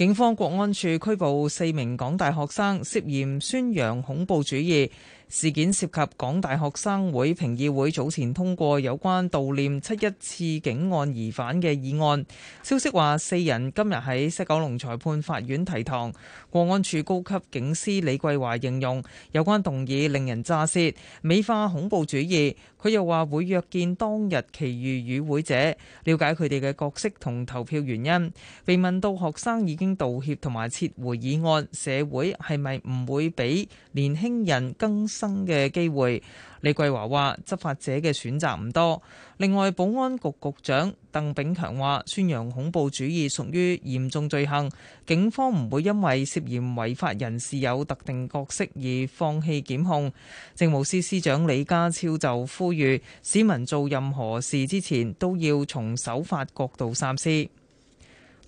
警方國安處拘捕四名港大學生，涉嫌宣揚恐怖主義。事件涉及港大學生會評議會早前通過有關悼念七一刺警案疑犯嘅議案。消息話四人今日喺西九龍裁判法院提堂。國安處高級警司李桂華形容有關動議令人咋舌，美化恐怖主義。佢又話會約見當日其餘與會者，了解佢哋嘅角色同投票原因。被問到學生已經道歉同埋撤回議案，社會係咪唔會俾年輕人更生嘅機會？李桂華話：執法者嘅選擇唔多。另外，保安局局長鄧炳強話：宣揚恐怖主義屬於嚴重罪行，警方唔會因為涉嫌違法人士有特定角色而放棄檢控。政務司司長李家超就呼籲市民做任何事之前都要從守法角度三思。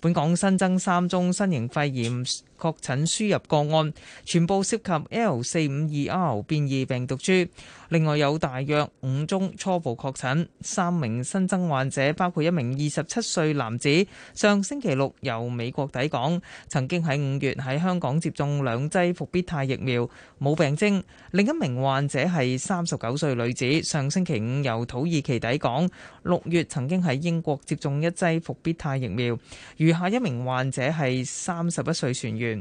本港新增三宗新型肺炎。確診輸入個案全部涉及 L 四五二 R 變異病毒株，另外有大約五宗初步確診，三名新增患者包括一名二十七歲男子，上星期六由美國抵港，曾經喺五月喺香港接種兩劑復必泰疫苗，冇病徵；另一名患者係三十九歲女子，上星期五由土耳其抵港，六月曾經喺英國接種一劑復必泰疫苗；餘下一名患者係三十一歲船員。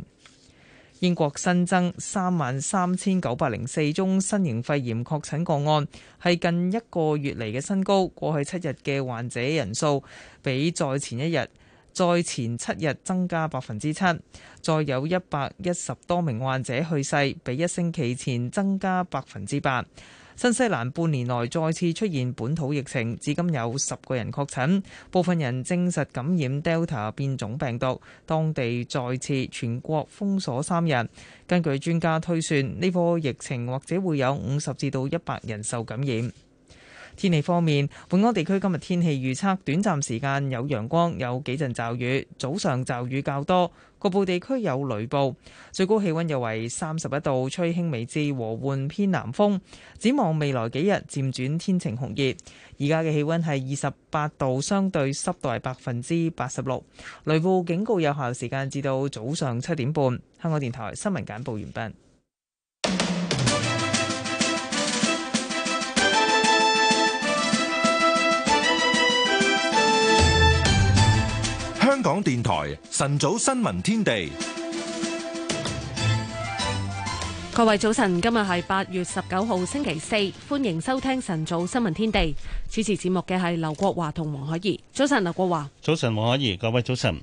英國新增三萬三千九百零四宗新型肺炎確診個案，係近一個月嚟嘅新高。過去七日嘅患者人數比再前一日，再前七日增加百分之七。再有一百一十多名患者去世，比一星期前增加百分之八。新西蘭半年內再次出現本土疫情，至今有十個人確診，部分人證實感染 Delta 變種病毒。當地再次全國封鎖三日。根據專家推算，呢波疫情或者會有五十至到一百人受感染。天氣方面，本港地區今日天氣預測，短暫時間有陽光，有幾陣驟雨，早上驟雨較多。局部地區有雷暴，最高氣温約為三十一度，吹輕微至和緩偏南風。展望未來幾日漸轉天晴酷熱。而家嘅氣温係二十八度，相對濕度係百分之八十六。雷暴警告有效時間至到早上七點半。香港電台新聞簡報完畢。香港電台晨早新聞天地，各位早晨，今日係八月十九號星期四，歡迎收聽晨早新聞天地。主持節目嘅係劉國華同黃可怡。早晨，劉國華。早晨，黃可怡。各位早晨。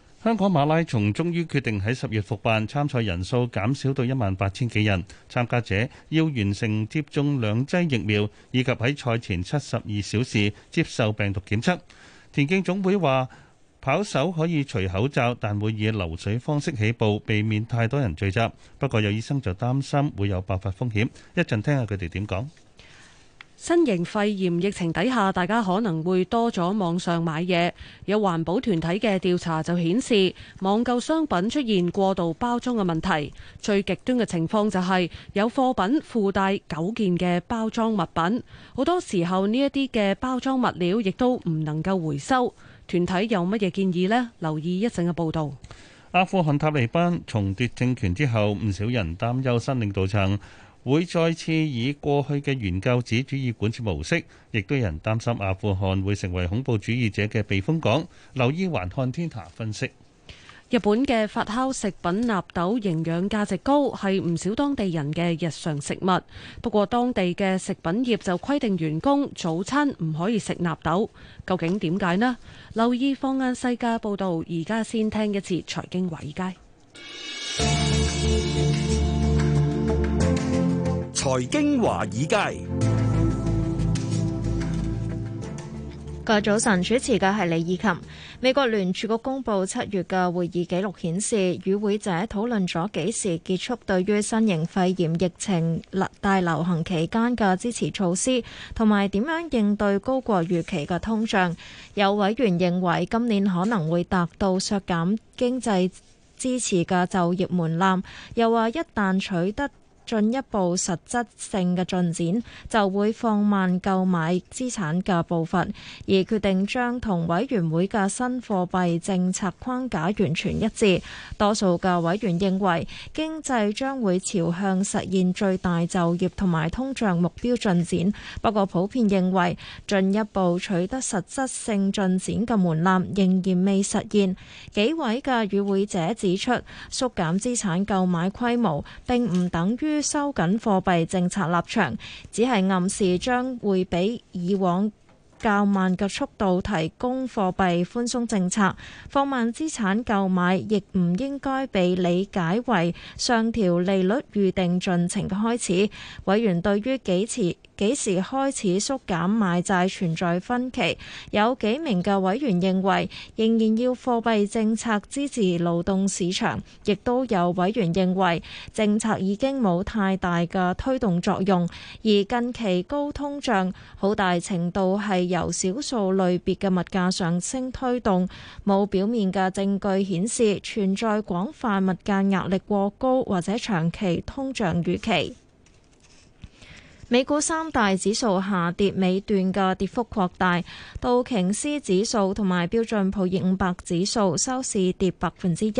香港馬拉松終於決定喺十月復辦，參賽人數減少到一萬八千幾人。參加者要完成接種兩劑疫苗，以及喺賽前七十二小時接受病毒檢測。田徑總會話跑手可以除口罩，但會以流水方式起步，避免太多人聚集。不過有醫生就擔心會有爆發風險。一陣聽下佢哋點講。新型肺炎疫情底下，大家可能會多咗網上買嘢。有環保團體嘅調查就顯示，網購商品出現過度包裝嘅問題。最極端嘅情況就係有貨品附帶九件嘅包裝物品。好多時候呢一啲嘅包裝物料亦都唔能夠回收。團體有乜嘢建議呢？留意一陣嘅報道。阿富汗塔利班重奪政權之後，唔少人擔憂新領導層。會再次以過去嘅原教旨主義管治模式，亦都有人擔心阿富汗會成為恐怖主義者嘅避風港。留意環看天下分析。日本嘅發酵食品納豆營養價值高，係唔少當地人嘅日常食物。不過當地嘅食品業就規定員工早餐唔可以食納豆，究竟點解呢？留意放眼世界報導，而家先聽一次財經華爾街。財經華爾街，個早晨主持嘅係李以琴。美國聯儲局公佈七月嘅會議記錄顯示，與會者討論咗幾時結束對於新型肺炎疫情大流行期間嘅支持措施，同埋點樣應對高過預期嘅通脹。有委員認為今年可能會達到削減經濟支持嘅就業門檻，又話一旦取得。進一步實質性嘅進展，就會放慢購買資產嘅步伐，而決定將同委員會嘅新貨幣政策框架完全一致。多數嘅委員認為經濟將會朝向實現最大就業同埋通脹目標進展，不過普遍認為進一步取得實質性進展嘅門檻仍然未實現，幾位嘅與會者指出，縮減資產購買規模並唔等於。於收緊貨幣政策立場，只係暗示將會比以往較慢嘅速度提供貨幣寬鬆政策、放慢資產購買，亦唔應該被理解為上調利率預定進程嘅開始。委員對於幾時幾時開始縮減買債存在分歧，有幾名嘅委員認為仍然要貨幣政策支持勞動市場，亦都有委員認為政策已經冇太大嘅推動作用，而近期高通脹好大程度係。由少數類別嘅物價上升推動，冇表面嘅證據顯示存在廣泛物價壓力過高，或者長期通脹預期。美股三大指數下跌，尾段嘅跌幅擴大。道瓊斯指數同埋標準普爾五百指數收市跌百分之一，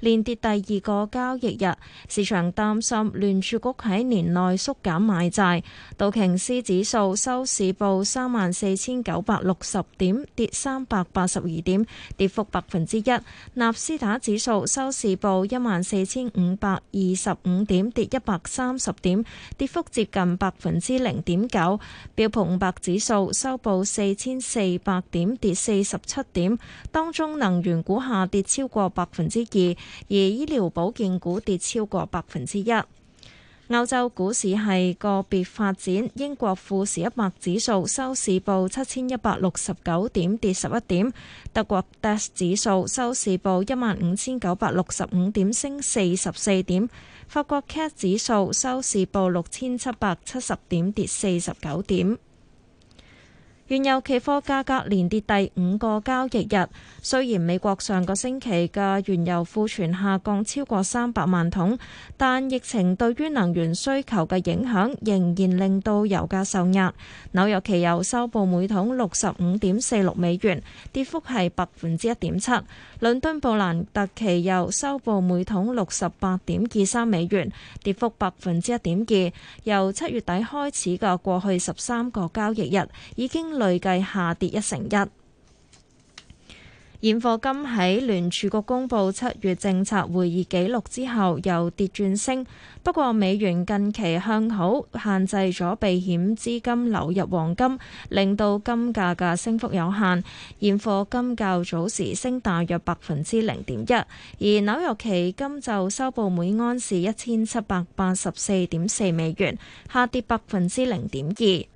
連跌第二個交易日。市場擔心聯儲局喺年內縮減買債。道瓊斯指數收市報三萬四千九百六十點，跌三百八十二點，跌幅百分之一。納斯達指數收市報一萬四千五百二十五點，跌一百三十點，跌幅接近百分。之零點九，標普五百指數收報四千四百點，跌四十七點。當中能源股下跌超過百分之二，而醫療保健股跌超過百分之一。歐洲股市係個別發展，英國富時一百指數收市報七千一百六十九點，跌十一點。德國 DAX 指數收市報一萬五千九百六十五點，升四十四點。法國 CAC 指數收市報六千七百七十點，跌四十九點。原油期貨價格連跌第五個交易日。雖然美國上個星期嘅原油庫存下降超過三百萬桶，但疫情對於能源需求嘅影響仍然令到油價受壓。紐約期油收報每桶六十五點四六美元，跌幅係百分之一點七。倫敦布蘭特期油收報每桶六十八點二三美元，跌幅百分之一點二。由七月底開始嘅過去十三個交易日已經，累計下跌一成一。現貨金喺聯儲局公布七月政策會議紀錄之後，又跌轉升。不過美元近期向好，限制咗避險資金流入黃金，令到金價嘅升幅有限。現貨金較早時升大約百分之零點一，而紐約期金就收報每安士一千七百八十四點四美元，下跌百分之零點二。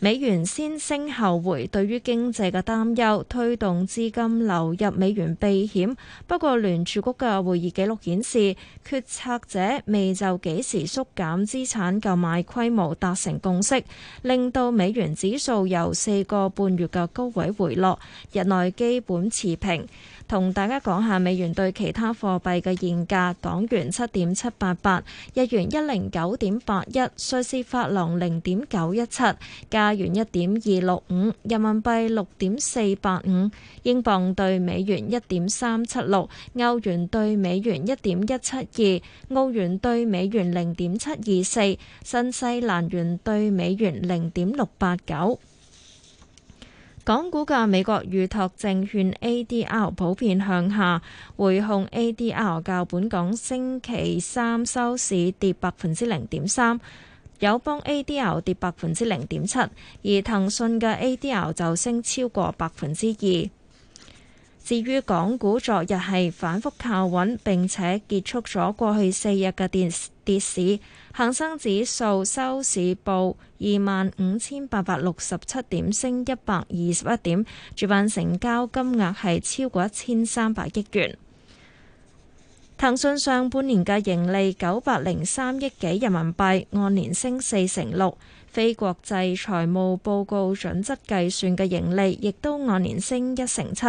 美元先升後回，對於，對於經濟嘅擔憂推動資金流入美元避險。不過聯儲局嘅會議紀錄顯示，決策者未就幾時縮減資產購買規模達成共識，令到美元指數由四個半月嘅高位回落，日內基本持平。同大家講下美元對其他貨幣嘅現價：港元七點七八八，日元一零九點八一，瑞士法郎零點九一七，加元一點二六五，人民幣六點四八五，英鎊對美元一點三七六，歐元對美元一點一七二，澳元對美元零點七二四，新西蘭元對美元零點六八九。港股嘅美國預託證券 ADR 普遍向下，匯控 ADR 較本港星期三收市跌百分之零點三，友邦 ADR 跌百分之零點七，而騰訊嘅 ADR 就升超過百分之二。至於港股，昨日係反覆靠穩，並且結束咗過去四日嘅跌勢。跌市，恒生指數收市報二萬五千八百六十七點，升一百二十一點。主板成交金額係超過一千三百億元。騰訊上半年嘅盈利九百零三億幾人民幣，按年升四成六。非國際財務報告準則計算嘅盈利亦都按年升一成七，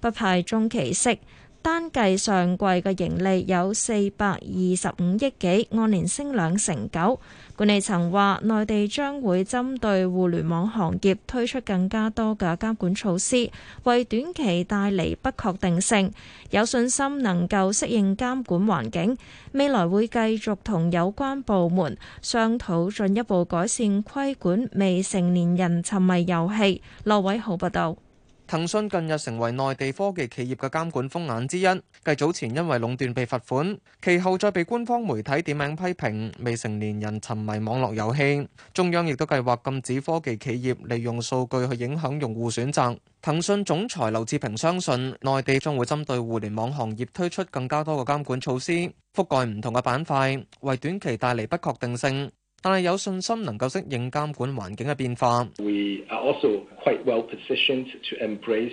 不派中期息。單計上季嘅盈利有四百二十五億幾，按年升兩成九。管理層話，內地將會針對互聯網行業推出更加多嘅監管措施，為短期帶嚟不確定性。有信心能夠適應監管環境，未來會繼續同有關部門商討進一步改善規管未成年人沉迷遊戲。羅偉豪報道。騰訊近日成為內地科技企業嘅監管風眼之一，繼早前因為壟斷被罰款，其後再被官方媒體點名批評未成年人沉迷網絡遊戲，中央亦都計劃禁止科技企業利用數據去影響用戶選擇，騰訊總裁劉志平相信，內地將會針對互聯網行業推出更加多嘅監管措施，覆蓋唔同嘅板塊，為短期帶嚟不確定性。但係有信心能夠適應監管環境嘅變化。We are also quite well positioned to embrace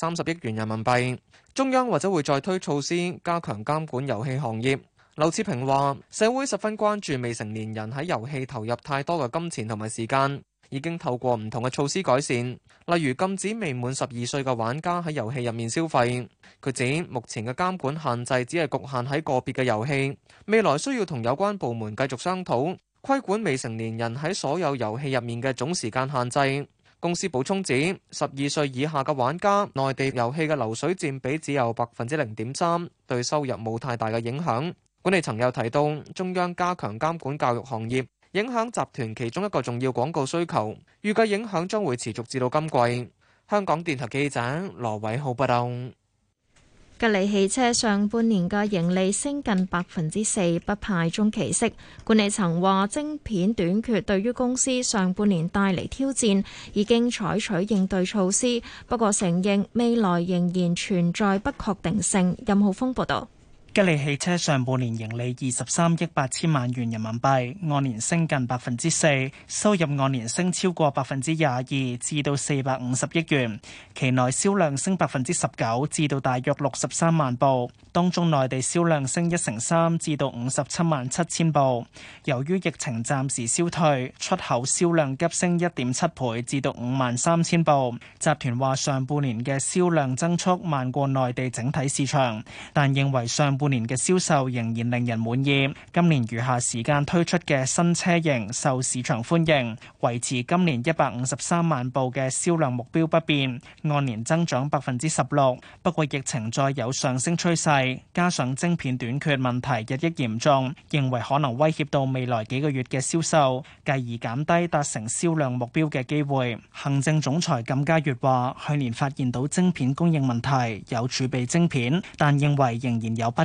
三十億元人民幣，中央或者會再推措施加強監管遊戲行業。劉志平話：社會十分關注未成年人喺遊戲投入太多嘅金錢同埋時間，已經透過唔同嘅措施改善，例如禁止未滿十二歲嘅玩家喺遊戲入面消費。佢指目前嘅監管限制只係局限喺個別嘅遊戲，未來需要同有關部門繼續商討，規管未成年人喺所有遊戲入面嘅總時間限制。公司補充指，十二歲以下嘅玩家，內地遊戲嘅流水佔比只有百分之零點三，對收入冇太大嘅影響。管理層又提到，中央加強監管教育行業，影響集團其中一個重要廣告需求，預計影響將會持續至到今季。香港電台記者羅偉浩報道。吉利汽車上半年嘅盈利升近百分之四，不派中期息。管理層話晶片短缺對於公司上半年帶嚟挑戰，已經採取應對措施，不過承認未來仍然存在不確定性，任浩峰報道。吉利汽車上半年盈利二十三億八千萬元人民幣按年升近百分之四，收入按年升超過百分之廿二，至到四百五十億元。期內銷量升百分之十九，至到大約六十三萬部，當中內地銷量升一成三，至到五十七萬七千部。由於疫情暫時消退，出口銷量急升一點七倍，至到五萬三千部。集團話上半年嘅銷量增速慢過內地整體市場，但認為上。半年嘅銷售仍然令人滿意，今年餘下時間推出嘅新車型受市場歡迎，維持今年一百五十三萬部嘅銷量目標不變，按年增長百分之十六。不過疫情再有上升趨勢，加上晶片短缺問題日益嚴重，認為可能威脅到未來幾個月嘅銷售，繼而減低達成銷量目標嘅機會。行政總裁甘家月話，去年發現到晶片供應問題，有儲備晶片，但認為仍然有不。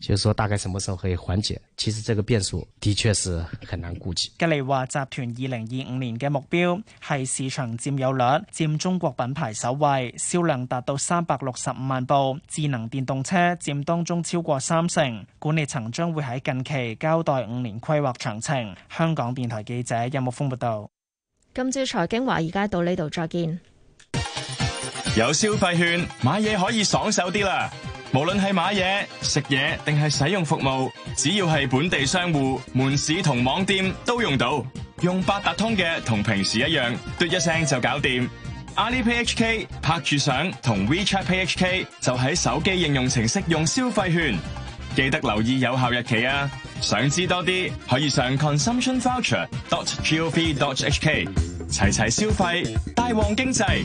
就說大概什麼時候可以緩解？其實這個變數的確是很難估計。吉利話集團二零二五年嘅目標係市場佔有率佔中國品牌首位，銷量達到三百六十五萬部，智能電動車佔當中超過三成。管理層將會喺近期交代五年規劃詳情。香港電台記者任木峰報道。今朝財經華爾街到呢度再見。有消費券，買嘢可以爽手啲啦！無論係買嘢、食嘢定係使用服務，只要係本地商戶、門市同網店都用到，用八達通嘅同平時一樣，嘟一聲就搞掂。Alipay HK 拍住賞，同 WeChat Pay HK 就喺手機應用程式用消費券，記得留意有效日期啊！想知多啲，可以上 consumptionvoucher.gov.hk，齊齊消費，大旺經濟。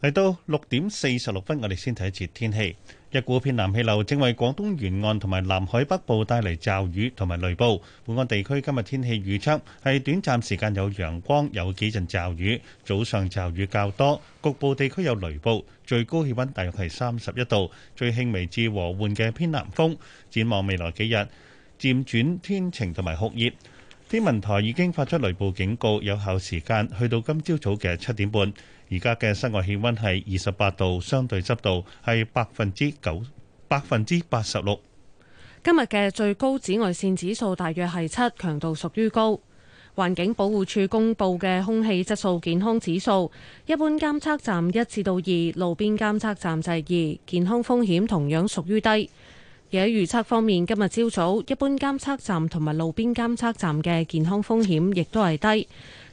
嚟到六點四十六分，我哋先睇一節天氣。一股偏南氣流正為廣東沿岸同埋南海北部帶嚟驟雨同埋雷暴。本港地區今日天氣預測係短暫時間有陽光，有幾陣驟雨，早上驟雨較多，局部地區有雷暴。最高氣温大約係三十一度，最輕微至和緩嘅偏南風。展望未來幾日，漸轉天晴同埋酷熱。天文台已經發出雷暴警告，有效時間去到今朝早嘅七點半。而家嘅室外氣温係二十八度，相對濕度係百分之九百分之八十六。今日嘅最高紫外線指數大約係七，強度屬於高。環境保護署公布嘅空氣質素健康指數，一般監測站一至到二，2，路邊監測站就係二，健康風險同樣屬於低。而喺預測方面，今日朝早一般監測站同埋路邊監測站嘅健康風險亦都係低。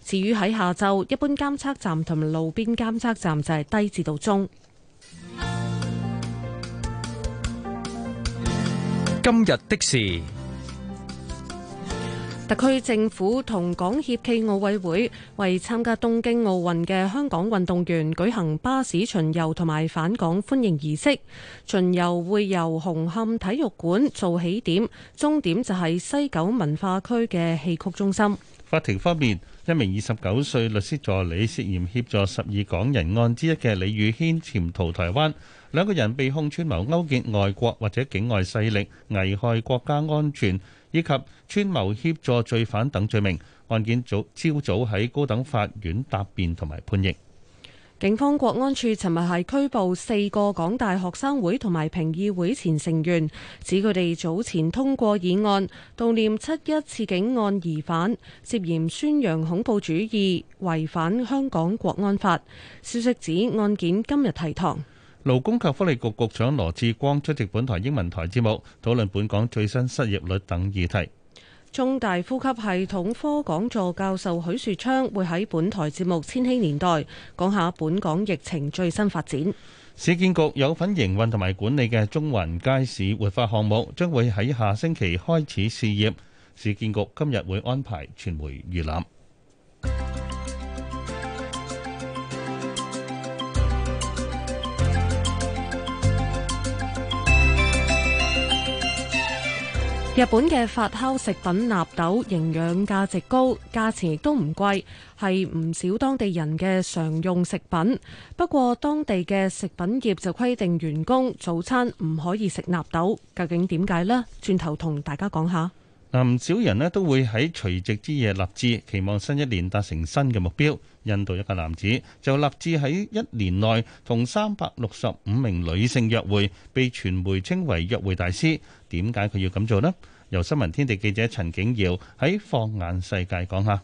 至於喺下晝，一般監測站同路邊監測站就係低至到中。今日的事，特區政府同港協暨奧委會為參加東京奧運嘅香港運動員舉行巴士巡遊同埋返港歡迎儀式。巡遊會由紅磡體育館做起點，終點就係西九文化區嘅戲曲中心。法庭方面。一名二十九歲律師助理涉嫌協助十二港人案之一嘅李宇軒潛逃台灣，兩個人被控串謀勾結外國或者境外勢力、危害國家安全以及串謀協助罪犯等罪名。案件早朝早喺高等法院答辯同埋判刑。警方國安處尋日係拘捕四個港大學生會同埋評議會前成員，指佢哋早前通過議案悼念七一刺警案疑犯，涉嫌宣揚恐怖主義，違反香港國安法。消息指案件今日提堂。勞工及福利局局、局長羅志光出席本台英文台節目，討論本港最新失業率等議題。中大呼吸系統科講座教授許樹昌會喺本台節目《千禧年代》講下本港疫情最新發展。市建局有份營運同埋管理嘅中環街市活化項目，將會喺下星期開始試業。市建局今日會安排傳媒預覽。日本嘅發酵食品納豆營養價值高，價錢亦都唔貴，係唔少當地人嘅常用食品。不過當地嘅食品業就規定員工早餐唔可以食納豆，究竟點解呢？轉頭同大家講下。唔少人呢都會喺除夕之夜立志，期望新一年達成新嘅目標。印度一個男子就立志喺一年內同三百六十五名女性約會，被傳媒稱為約會大師。點解佢要咁做呢？由新聞天地記者陳景堯喺放眼世界講下。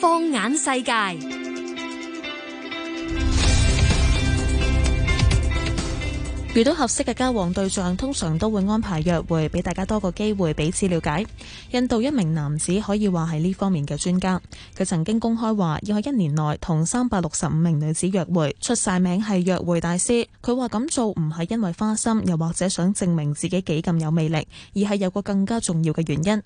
放眼世界。遇到合適嘅交往對象，通常都會安排約會，俾大家多個機會彼此了解。印度一名男子可以話係呢方面嘅專家，佢曾經公開話要喺一年內同三百六十五名女子約會，出晒名係約會大師，佢話咁做唔係因為花心，又或者想證明自己幾咁有魅力，而係有個更加重要嘅原因。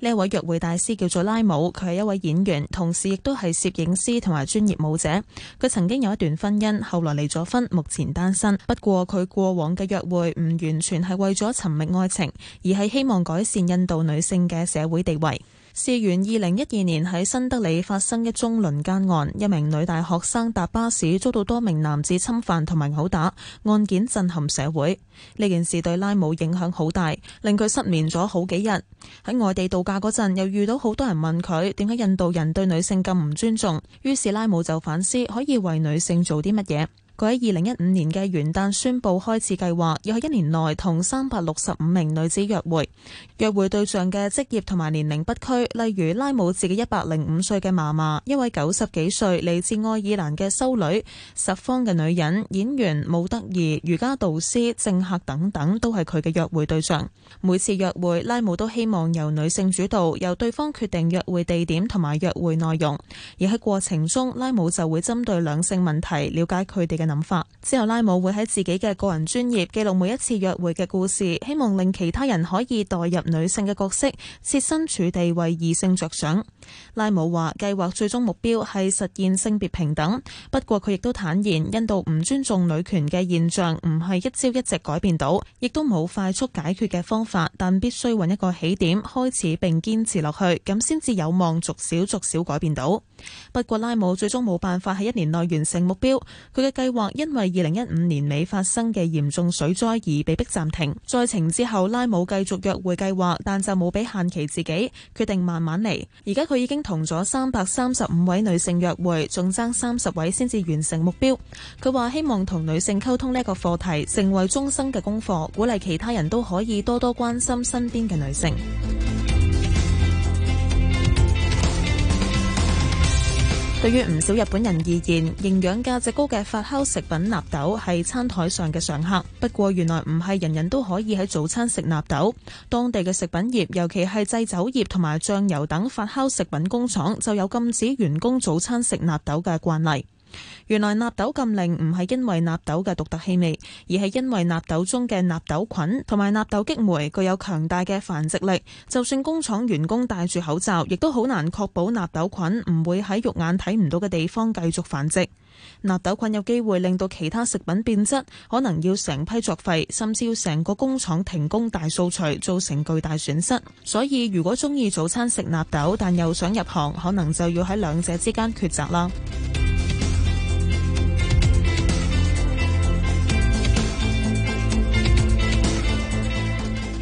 呢位約會大師叫做拉姆，佢係一位演員，同時亦都係攝影師同埋專業舞者。佢曾經有一段婚姻，後來離咗婚，目前單身。不過佢過往嘅約會唔完全係為咗尋覓愛情，而係希望改善印度女性嘅社會地位。事源二零一二年喺新德里發生一宗輪姦案，一名女大學生搭巴士遭到多名男子侵犯同埋毆打，案件震撼社會。呢件事對拉姆影響好大，令佢失眠咗好幾日。喺外地度假嗰陣，又遇到好多人問佢點解印度人對女性咁唔尊重，於是拉姆就反思可以為女性做啲乜嘢。佢喺二零一五年嘅元旦宣布開始計劃，要喺一年內同三百六十五名女子約會。約會對象嘅職業同埋年齡不拘，例如拉姆自己一百零五歲嘅嫲嫲，一位九十幾歲嚟自愛爾蘭嘅修女，拾荒嘅女人、演員、模特兒、瑜伽導師、政客等等，都係佢嘅約會對象。每次約會，拉姆都希望由女性主導，由對方決定約會地點同埋約會內容。而喺過程中，拉姆就會針對兩性問題了解佢哋嘅。諗法之後拉姆會喺自己嘅個人專頁記錄每一次約會嘅故事，希望令其他人可以代入女性嘅角色，設身處地為異性着想。拉姆話：計劃最終目標係實現性別平等，不過佢亦都坦言，印度唔尊重女權嘅現象唔係一朝一夕改變到，亦都冇快速解決嘅方法，但必須揾一個起點開始並堅持落去，咁先至有望逐少逐少改變到。不過拉姆最終冇辦法喺一年內完成目標，佢嘅計劃因為二零一五年尾發生嘅嚴重水災而被迫暫停。災情之後，拉姆繼續約會計劃，但就冇俾限期自己，決定慢慢嚟，而家佢已經同咗三百三十五位女性約會，仲爭三十位先至完成目標。佢話希望同女性溝通呢個課題，成為終生嘅功課，鼓勵其他人都可以多多關心身邊嘅女性。對於唔少日本人而言，營養價值高嘅發酵食品納豆係餐台上嘅常客。不過原來唔係人人都可以喺早餐食納豆，當地嘅食品業，尤其係製酒業同埋醬油等發酵食品工廠，就有禁止員工早餐食納豆嘅慣例。原來納豆禁令唔係因為納豆嘅獨特氣味，而係因為納豆中嘅納豆菌同埋納豆激酶具有強大嘅繁殖力。就算工廠員工戴住口罩，亦都好難確保納豆菌唔會喺肉眼睇唔到嘅地方繼續繁殖。納豆菌有機會令到其他食品變質，可能要成批作廢，甚至要成個工廠停工大掃除，造成巨大損失。所以，如果鍾意早餐食納豆，但又想入行，可能就要喺兩者之間抉擇啦。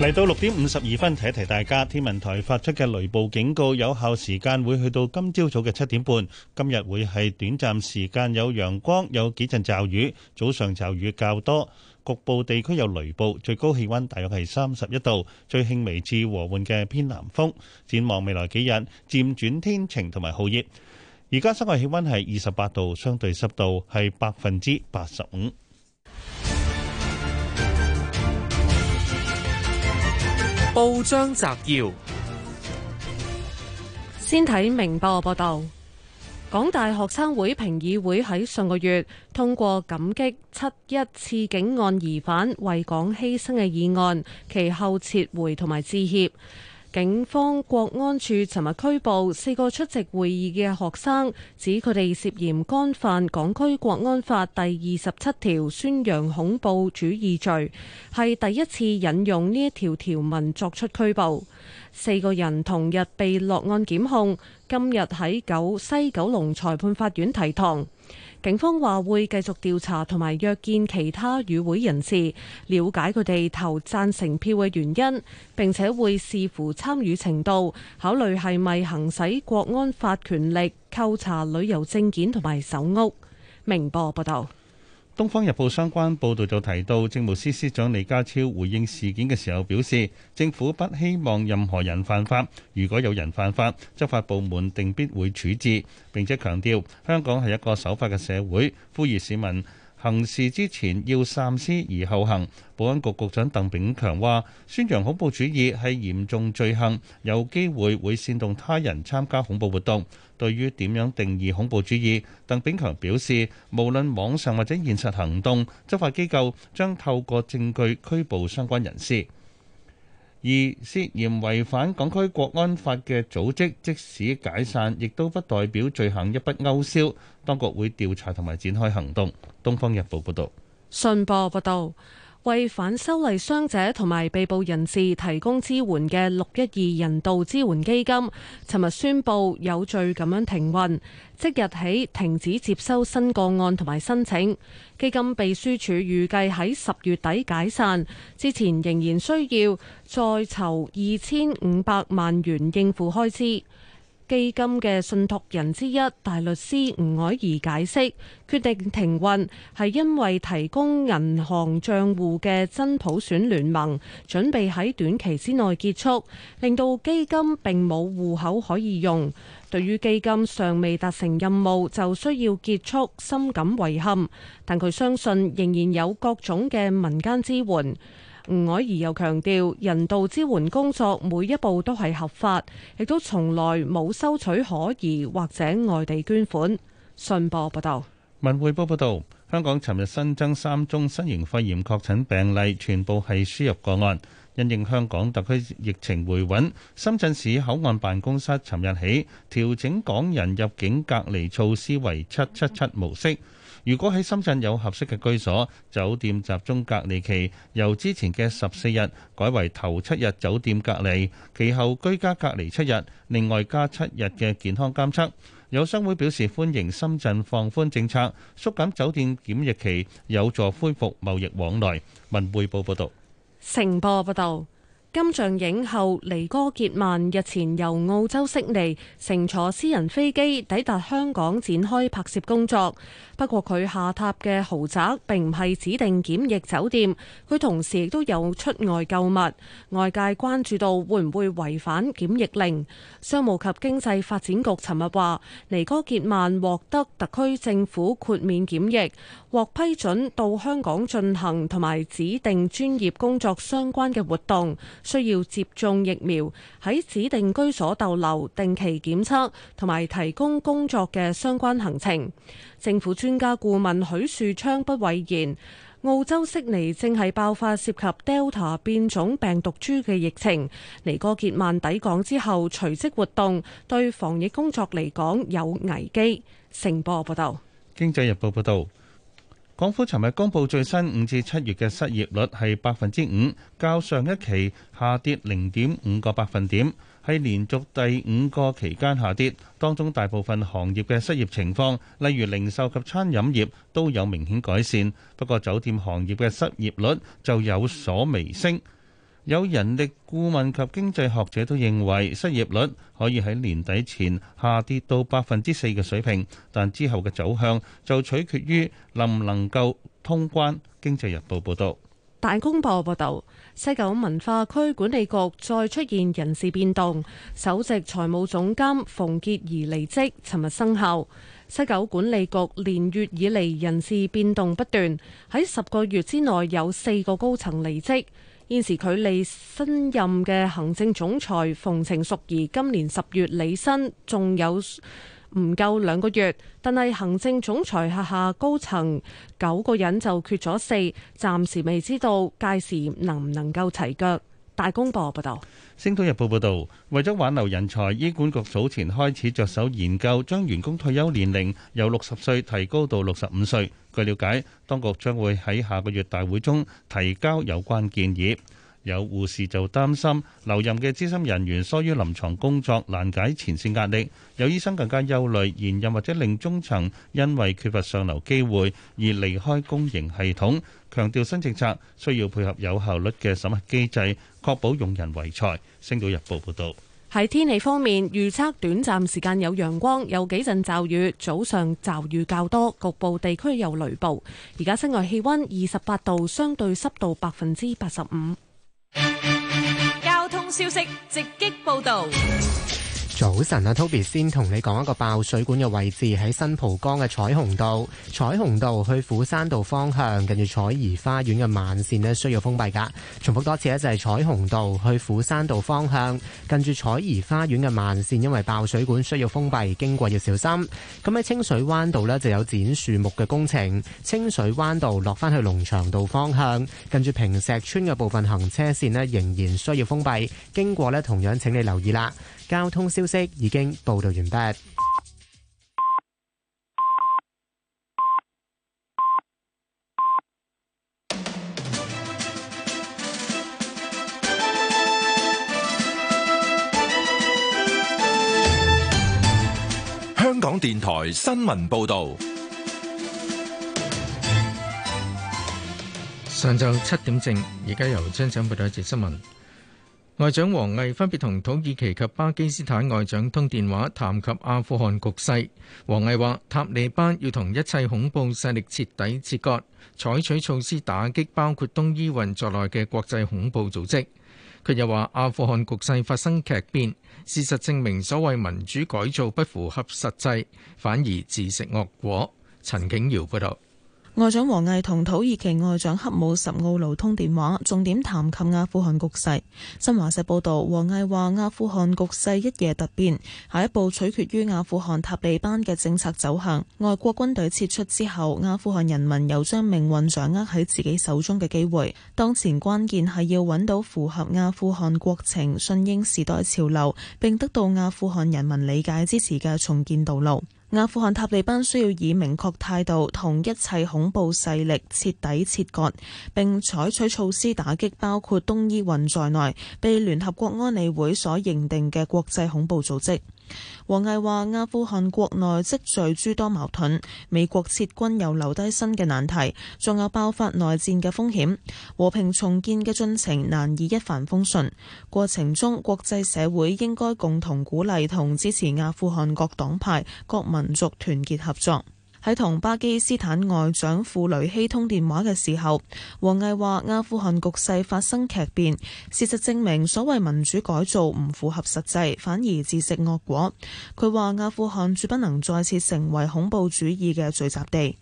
嚟到六點五十二分，提一提大家，天文台發出嘅雷暴警告有效時間會去到今朝早嘅七點半。今日會係短暫時間有陽光，有幾陣驟雨，早上驟雨較多，局部地區有雷暴。最高氣溫大約係三十一度，最輕微至和緩嘅偏南風。展望未來幾日，漸轉天晴同埋酷熱。而家室外氣溫係二十八度，相對濕度係百分之八十五。報章摘要，先睇明報報道，港大學生會評議會喺上個月通過感激七一刺警案疑犯為港犧牲嘅議案，其後撤回同埋致歉。警方國安處尋日拘捕四個出席會議嘅學生，指佢哋涉嫌干犯港區國安法第二十七條宣揚恐怖主義罪，係第一次引用呢一條條文作出拘捕。四個人同日被落案檢控，今日喺九西九龍裁判法院提堂。警方話會繼續調查同埋約見其他與會人士，了解佢哋投贊成票嘅原因，並且會視乎參與程度，考慮係咪行使國安法權力，扣查旅遊證件同埋搜屋。明報報道。《東方日報》相關報導就提到，政務司司長李家超回應事件嘅時候表示，政府不希望任何人犯法，如果有人犯法，執法部門定必會處置。並且強調，香港係一個守法嘅社會，呼籲市民，行事之前要三思而後行，保安局局長鄧炳強話：宣揚恐怖主義係嚴重罪行，有機會會煽動他人參加恐怖活動。對於點樣定義恐怖主義，鄧炳強表示，無論網上或者現實行動，執法機構將透過證據拘捕相關人士。二涉嫌違反港區國安法嘅組織，即使解散，亦都不代表罪行一筆勾銷。當局會調查同埋展開行動。《東方日報》報道。《信報》報導。為反修例傷者同埋被捕人士提供支援嘅六一二人道支援基金，尋日宣布有序咁樣停運，即日起停止接收新個案同埋申請。基金秘書處預計喺十月底解散之前，仍然需要再籌二千五百萬元應付開支。基金嘅信託人之一大律師吳靄儀解釋，決定停運，係因為提供銀行賬戶嘅真普選聯盟準備喺短期之內結束，令到基金並冇戶口可以用。對於基金尚未達成任務就需要結束，深感遺憾。但佢相信仍然有各種嘅民間支援。吳凱儀又強調，人道支援工作每一步都係合法，亦都從來冇收取可疑或者外地捐款。信報報道，文匯報報道。香港尋日新增三宗新型肺炎確診病例，全部係輸入個案。因應香港特區疫情回穩，深圳市口岸辦公室尋日起調整港人入境隔離措施為七七七模式。如果喺深圳有合適嘅居所，酒店集中隔離期由之前嘅十四日改為頭七日酒店隔離，其後居家隔離七日，另外加七日嘅健康監測。有商會表示歡迎深圳放寬政策，縮減酒店檢疫期，有助恢復貿易往來。文匯報報導。成報報導，金像影后妮歌潔曼日前由澳洲悉尼乘坐私人飛機抵達香港，展開拍攝工作。不過佢下榻嘅豪宅並唔係指定檢疫酒店，佢同時亦都有出外購物。外界關注到會唔會違反檢疫令。商務及經濟發展局尋日話，妮歌潔曼獲得特區政府豁免檢疫，獲批准到香港進行同埋指定專業工作相關嘅活動，需要接種疫苗，喺指定居所逗留，定期檢測，同埋提供工作嘅相關行程。政府專專家顧問許樹昌不諱言，澳洲悉尼正係爆發涉及 Delta 變種病毒株嘅疫情。妮歌潔曼抵港之後隨即活動，對防疫工作嚟講有危機。盛播報道，《經濟日報》報道，港府尋日公布最新五至七月嘅失業率係百分之五，較上一期下跌零點五個百分點。係連續第五個期間下跌，當中大部分行業嘅失業情況，例如零售及餐飲業，都有明顯改善。不過酒店行業嘅失業率就有所微升。有人力顧問及經濟學者都認為失業率可以喺年底前下跌到百分之四嘅水平，但之後嘅走向就取決於能唔能夠通關。經濟日報報導。大公報報道，西九文化區管理局再出現人事變動，首席財務總監馮潔儀離職，尋日生效。西九管理局年月以嚟人事變動不斷，喺十個月之內有四個高層離職。現時距離新任嘅行政總裁馮程淑儀，今年十月離身，仲有。唔夠兩個月，但係行政總裁下下高層九個人就缺咗四，暫時未知道屆時能唔能夠齊腳。大公報報道。《星都日報》報道：「為咗挽留人才，醫管局早前開始着手研究，將員工退休年齡由六十歲提高到六十五歲。據了解，當局將會喺下個月大會中提交有關建議。有護士就擔心留任嘅資深人員疏於臨床工作，難解前線壓力；有醫生更加憂慮現任或者令中層因為缺乏上流機會而離開公營系統。強調新政策需要配合有效率嘅審核機制，確保用人為才。星島日報報道：「喺天氣方面，預測短暫時間有陽光，有幾陣驟雨，早上驟雨較多，局部地區有雷暴。而家室外氣温二十八度，相對濕度百分之八十五。交通消息，直擊報道。早晨啊，Toby 先同你講一個爆水管嘅位置喺新蒲崗嘅彩虹道，彩虹道去斧山道方向，近住彩怡花園嘅慢線咧需要封閉噶。重複多次咧，就係彩虹道去斧山道方向，近住彩怡花園嘅慢線，因為爆水管需要封閉，經過要小心。咁喺清水灣道咧就有剪樹木嘅工程，清水灣道落翻去龍翔道方向，近住平石村嘅部分行車線咧仍然需要封閉，經過咧同樣請你留意啦。交通消息已經報道完畢。香港電台新聞報道。上晝七點正，而家由張長報道一節新聞。外長王毅分別同土耳其及巴基斯坦外長通電話，談及阿富汗局勢。王毅話：塔利班要同一切恐怖勢力徹底切割，採取措施打擊包括東伊運在內嘅國際恐怖組織。佢又話：阿富汗局勢發生劇變，事實證明所謂民主改造不符合實際，反而自食惡果。陳景堯報道。外長王毅同土耳其外長恰武什奧盧通電話，重點談及阿富汗局勢。新華社報道，王毅話：阿富汗局勢一夜突變，下一步取決於阿富汗塔利班嘅政策走向。外國軍隊撤出之後，阿富汗人民又將命運掌握喺自己手中嘅機會。當前關鍵係要揾到符合阿富汗國情、順應時代潮流，並得到阿富汗人民理解支持嘅重建道路。阿富汗塔利班需要以明確態度同一切恐怖勢力徹底切割，並採取措施打擊包括東伊運在內被聯合國安理會所認定嘅國際恐怖組織。王毅話：阿富汗國內積聚諸多矛盾，美國撤軍又留低新嘅難題，仲有爆發內戰嘅風險。和平重建嘅進程難以一帆風順，過程中國際社會應該共同鼓勵同支持阿富汗各黨派、各民族團結合作。喺同巴基斯坦外長庫雷希通電話嘅時候，王毅話阿富汗局勢發生劇變，事實證明所謂民主改造唔符合實際，反而自食惡果。佢話阿富汗絕不能再次成為恐怖主義嘅聚集地。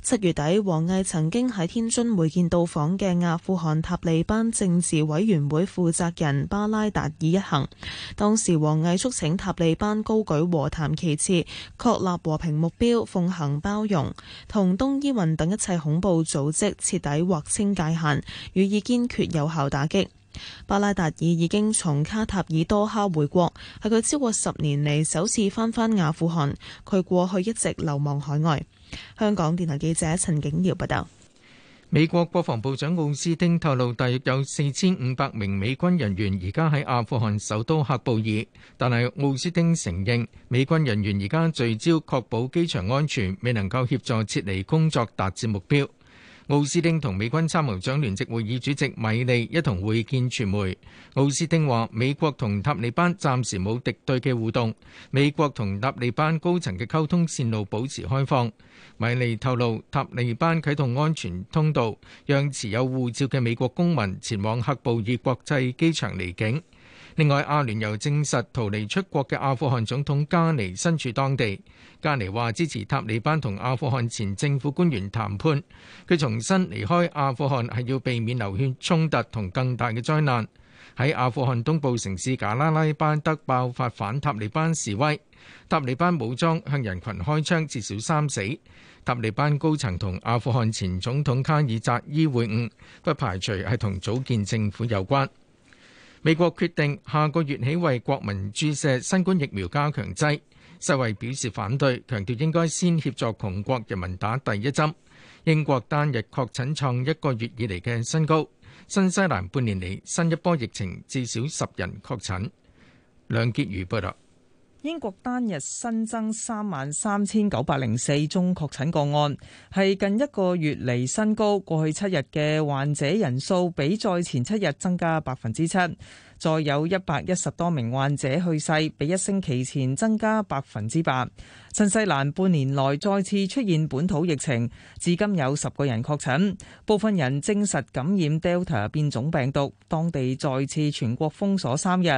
七月底，王毅曾經喺天津會見到訪嘅阿富汗塔利班政治委員會負責人巴拉達爾一行。當時，王毅促請塔利班高舉和談旗幟，確立和平目標，奉行包容，同東伊運等一切恐怖組織徹底劃清界限，予以堅決有效打擊。巴拉達爾已經從卡塔爾多哈回國，係佢超過十年嚟，首次翻返阿富汗。佢過去一直流亡海外。香港電台記者陳景堯報道，美國國防部長奧斯汀透露，大約有四千五百名美軍人員而家喺阿富汗首都喀布爾，但係奧斯汀承認，美軍人員而家聚焦確保機場安全，未能夠協助撤離工作達至目標。奧斯汀同美軍參謀長聯席會議主席米利一同會見傳媒。奧斯汀話：美國同塔利班暫時冇敵對嘅互動，美國同塔利班高層嘅溝通線路保持開放。米利透露，塔利班啟動安全通道，讓持有護照嘅美國公民前往喀布爾國際機場離境。另外，阿聯酋證實逃離出國嘅阿富汗總統加尼身處當地。加尼話支持塔利班同阿富汗前政府官員談判。佢重新離開阿富汗係要避免流血衝突同更大嘅災難。喺阿富汗東部城市賈拉拉班德爆發反塔利班示威，塔利班武裝向人群開槍，至少三死。塔利班高層同阿富汗前總統卡爾扎伊會晤，不排除係同組建政府有關。美國決定下個月起為國民注射新冠疫苗加強劑，世衛表示反對，強調應該先協助窮國人民打第一針。英國單日確診創一個月以嚟嘅新高。新西蘭半年嚟新一波疫情至少十人確診。梁傑如報道。英國單日新增三萬三千九百零四宗確診個案，係近一個月嚟新高。過去七日嘅患者人數比再前七日增加百分之七。再有一百一十多名患者去世，比一星期前增加百分之百。新西蘭半年內再次出現本土疫情，至今有十個人確診，部分人證實感染 Delta 變種病毒。當地再次全國封鎖三日。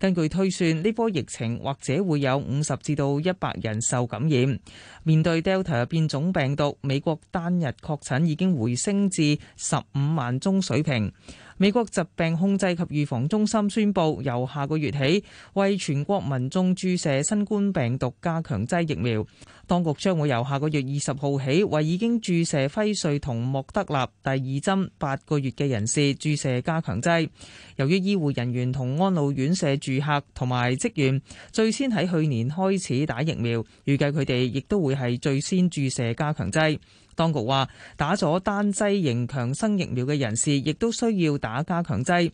根據推算，呢波疫情或者會有五十至到一百人受感染。面對 Delta 變種病毒，美國單日確診已經回升至十五萬宗水平。美國疾病控制及預防中心宣布，由下個月起為全國民眾注射新冠病毒加強劑疫苗。當局將會由下個月二十號起，為已經注射輝瑞同莫德納第二針八個月嘅人士注射加強劑。由於醫護人員同安老院舍住客同埋職員最先喺去年開始打疫苗，預計佢哋亦都會係最先注射加強劑。當局話，打咗單劑型強生疫苗嘅人士，亦都需要打加強劑。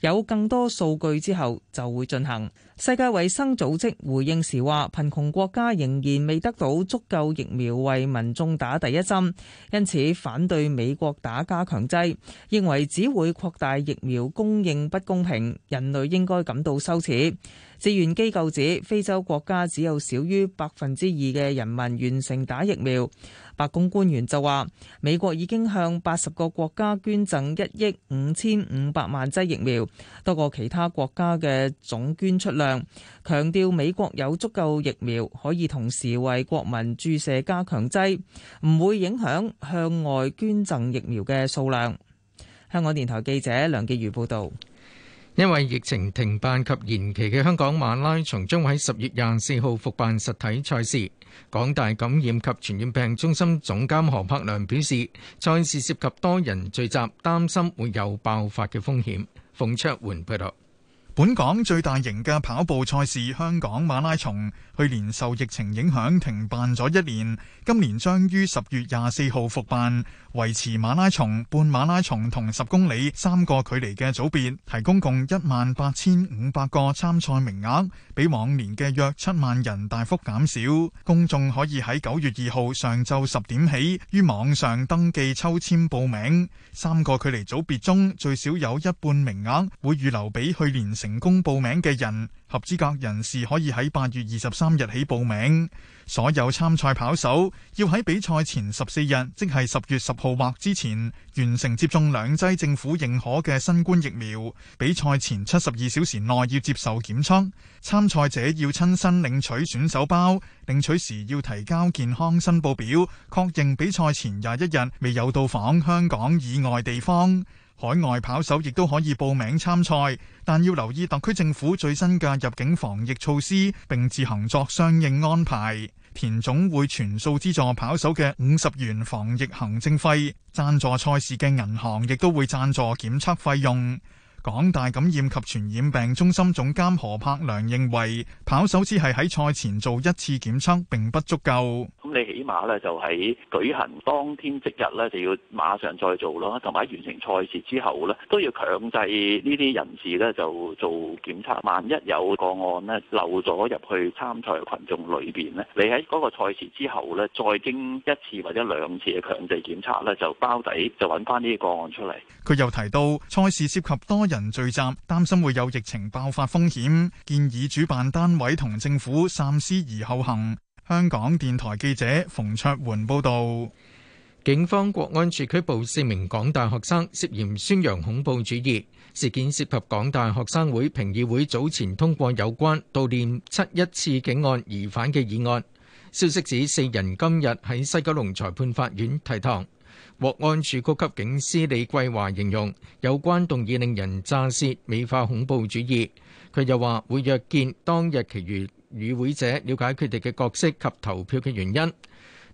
有更多數據之後就會進行。世界衞生組織回應時話，貧窮國家仍然未得到足夠疫苗為民眾打第一針，因此反對美國打加強劑，認為只會擴大疫苗供應不公平，人類應該感到羞恥。志願機構指，非洲國家只有少於百分之二嘅人民完成打疫苗。白宮官員就話，美國已經向八十個國家捐贈一億五千五百萬劑疫苗，多過其他國家嘅總捐出量。強調美國有足夠疫苗，可以同時為國民注射加強劑，唔會影響向外捐贈疫苗嘅數量。香港電台記者梁潔如報道。因為疫情停辦及延期嘅香港馬拉松將會喺十月廿四號復辦實體賽事。港大感染及傳染病中心總監何柏良表示，賽事涉及多人聚集，擔心會有爆發嘅風險。馮卓援報道。本港最大型嘅跑步賽事香港馬拉松，去年受疫情影響停辦咗一年，今年將於十月廿四號復辦，維持馬拉松、半馬拉松同十公里三個距離嘅組別，提供共一萬八千五百個參賽名額，比往年嘅約七萬人大幅減少。公眾可以喺九月二號上晝十點起於網上登記抽籤報名，三個距離組別中最少有一半名額會預留俾去年。成功報名嘅人，合資格人士可以喺八月二十三日起報名。所有參賽跑手要喺比賽前十四日，即係十月十號或之前，完成接種兩劑政府認可嘅新冠疫苗。比賽前七十二小時內要接受檢測。參賽者要親身領取選手包，領取時要提交健康申報表，確認比賽前廿一日未有到訪香港以外地方。海外跑手亦都可以報名參賽，但要留意特區政府最新嘅入境防疫措施，並自行作相應安排。田總會全數資助跑手嘅五十元防疫行政費，贊助賽事嘅銀行亦都會贊助檢測費用。港大感染及傳染病中心總監何柏良認為跑手只係喺賽前做一次檢測並不足夠，咁你起碼咧就喺舉行當天即日咧就要馬上再做咯，同埋完成賽事之後咧都要強制呢啲人士咧就做檢測，萬一有個案咧漏咗入去參賽嘅群眾裏邊咧，你喺嗰個賽事之後咧再經一次或者兩次嘅強制檢測咧，就包底就穩翻呢個案出嚟。佢又提到賽事涉及多人聚集，擔心會有疫情爆發風險，建議主辦單位同政府三思而後行。香港電台記者馮卓桓報導，警方國安處拘捕四名港大學生，涉嫌宣揚恐怖主義。事件涉及港大學生會評議會早前通過有關悼念七一刺警案疑犯嘅議案。消息指四人今日喺西九龍裁判法院提堂。國安處高級警司李桂華形容有關動議令人咋舌，美化恐怖主義。佢又話會約見當日其餘與會者了解佢哋嘅角色及投票嘅原因。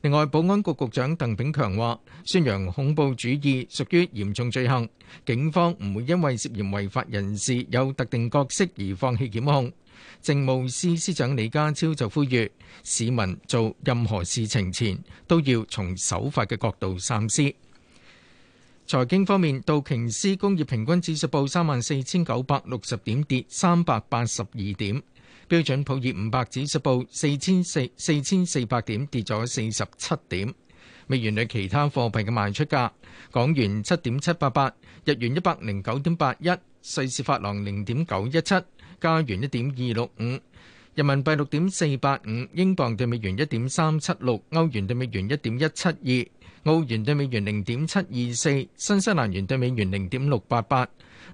另外，保安局局長鄧炳強話宣揚恐怖主義屬於嚴重罪行，警方唔會因為涉嫌違法人士有特定角色而放棄檢控。政務司司長李家超就呼籲市民做任何事情前都要從守法嘅角度三思。財經方面，道瓊斯工業平均指數報三萬四千九百六十點，跌三百八十二點；標準普爾五百指數報四千四四千四百點，跌咗四十七點。美元兌其他貨幣嘅賣出價：港元七點七八八，日元一百零九點八一，瑞士法郎零點九一七。加元一點二六五，人民幣六點四八五，英鎊對美元一點三七六，歐元對美元一點一七二，澳元對美元零點七二四，新西蘭元對美元零點六八八。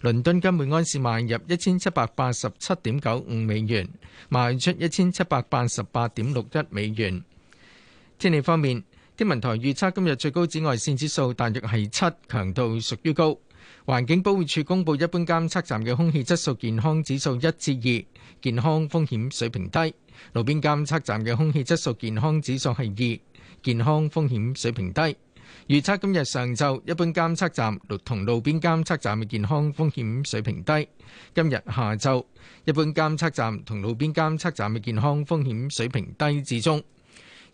倫敦金每安士買入一千七百八十七點九五美元，賣出一千七百八十八點六一美元。天氣方面，天文台預測今日最高紫外線指數大約係七，強度屬於高。環境保護署公布，一般監測站嘅空氣質素健康指數一至二，健康風險水平低；路邊監測站嘅空氣質素健康指數係二，健康風險水平低。預測今日上晝，一般監測站同路邊監測站嘅健康風險水平低；今日下晝，一般監測站同路邊監測站嘅健康風險水平低至中。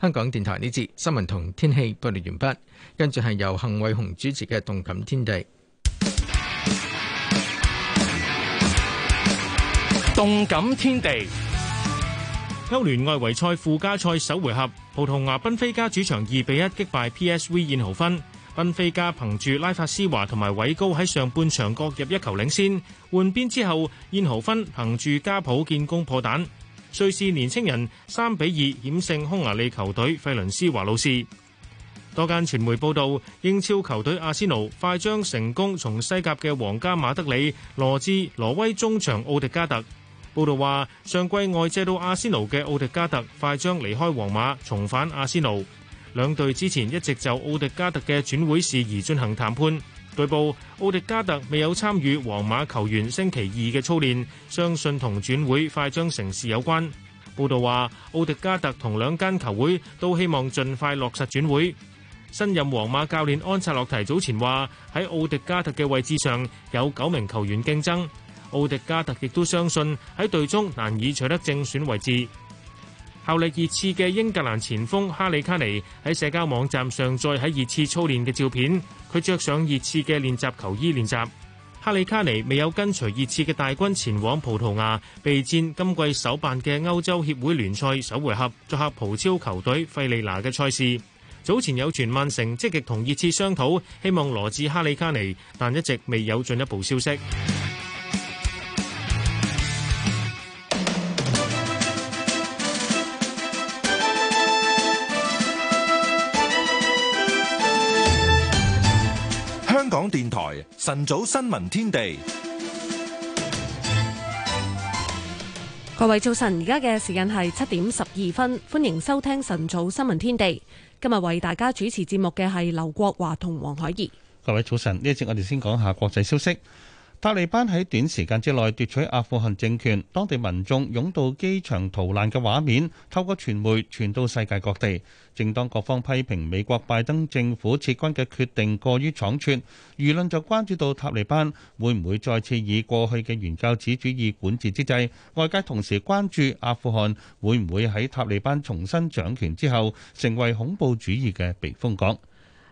香港電台呢節新聞同天氣報道完畢，跟住係由幸偉雄主持嘅動感天地。動感天地。歐聯外圍賽附加賽首回合，葡萄牙賓菲加主場二比一擊敗 P S V 燕豪芬。賓菲加憑住拉法斯華同埋韋高喺上半場各入一球領先，換邊之後燕豪芬憑住加普建功破蛋。瑞士年青人三比二險勝匈牙利球隊費倫斯華路士。多間傳媒報道，英超球隊阿仙奴快將成功從西甲嘅皇家馬德里羅致挪威中場奧迪加特。報道話，上季外借到阿仙奴嘅奧迪加特快將離開皇馬，重返阿仙奴。兩隊之前一直就奧迪加特嘅轉會事宜進行談判。據報，奧迪加特未有參與皇馬球員星期二嘅操練，相信同轉會快將成事有關。報道話，奧迪加特同兩間球會都希望盡快落實轉會。新任皇馬教練安察洛提早前話，喺奧迪加特嘅位置上有九名球員競爭。奧迪加特亦都相信喺隊中難以取得正選位置。效力熱刺嘅英格蘭前鋒哈里卡尼喺社交網站上載喺熱刺操練嘅照片，佢着上熱刺嘅練習球衣練習。哈里卡尼未有跟隨熱刺嘅大軍前往葡萄牙備戰今季首辦嘅歐洲協會聯賽首回合，作客葡超球隊費利拿嘅賽事。早前有傳曼城積極同熱刺商討，希望羅致哈里卡尼，但一直未有進一步消息。電台晨早新聞天地，各位早晨，而家嘅時間係七點十二分，歡迎收聽晨早新聞天地。今日為大家主持節目嘅係劉國華同黃海怡。各位早晨，呢一節我哋先講下國際消息。塔利班喺短時間之內奪取阿富汗政權，當地民眾湧到機場逃難嘅畫面透過傳媒傳到世界各地。正當各方批評美國拜登政府撤軍嘅決定過於倉促，輿論就關注到塔利班會唔會再次以過去嘅原教旨主義管治之際。外界同時關注阿富汗會唔會喺塔利班重新掌權之後成為恐怖主義嘅避風港。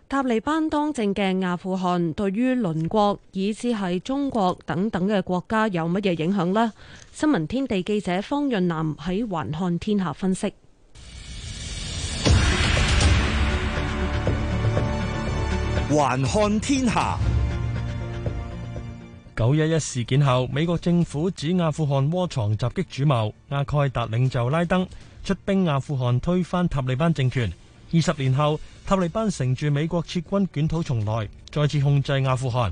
塔利班當政嘅阿富汗，對於鄰國，以至係中國等等嘅國家，有乜嘢影響呢？新聞天地記者方潤南喺《環看天下》分析。環看天下。九一一事件後，美國政府指阿富汗窩藏襲擊主謀阿蓋達領袖拉登，出兵阿富汗推翻塔利班政權。二十年後。塔利班乘住美國撤軍捲土重來，再次控制阿富汗。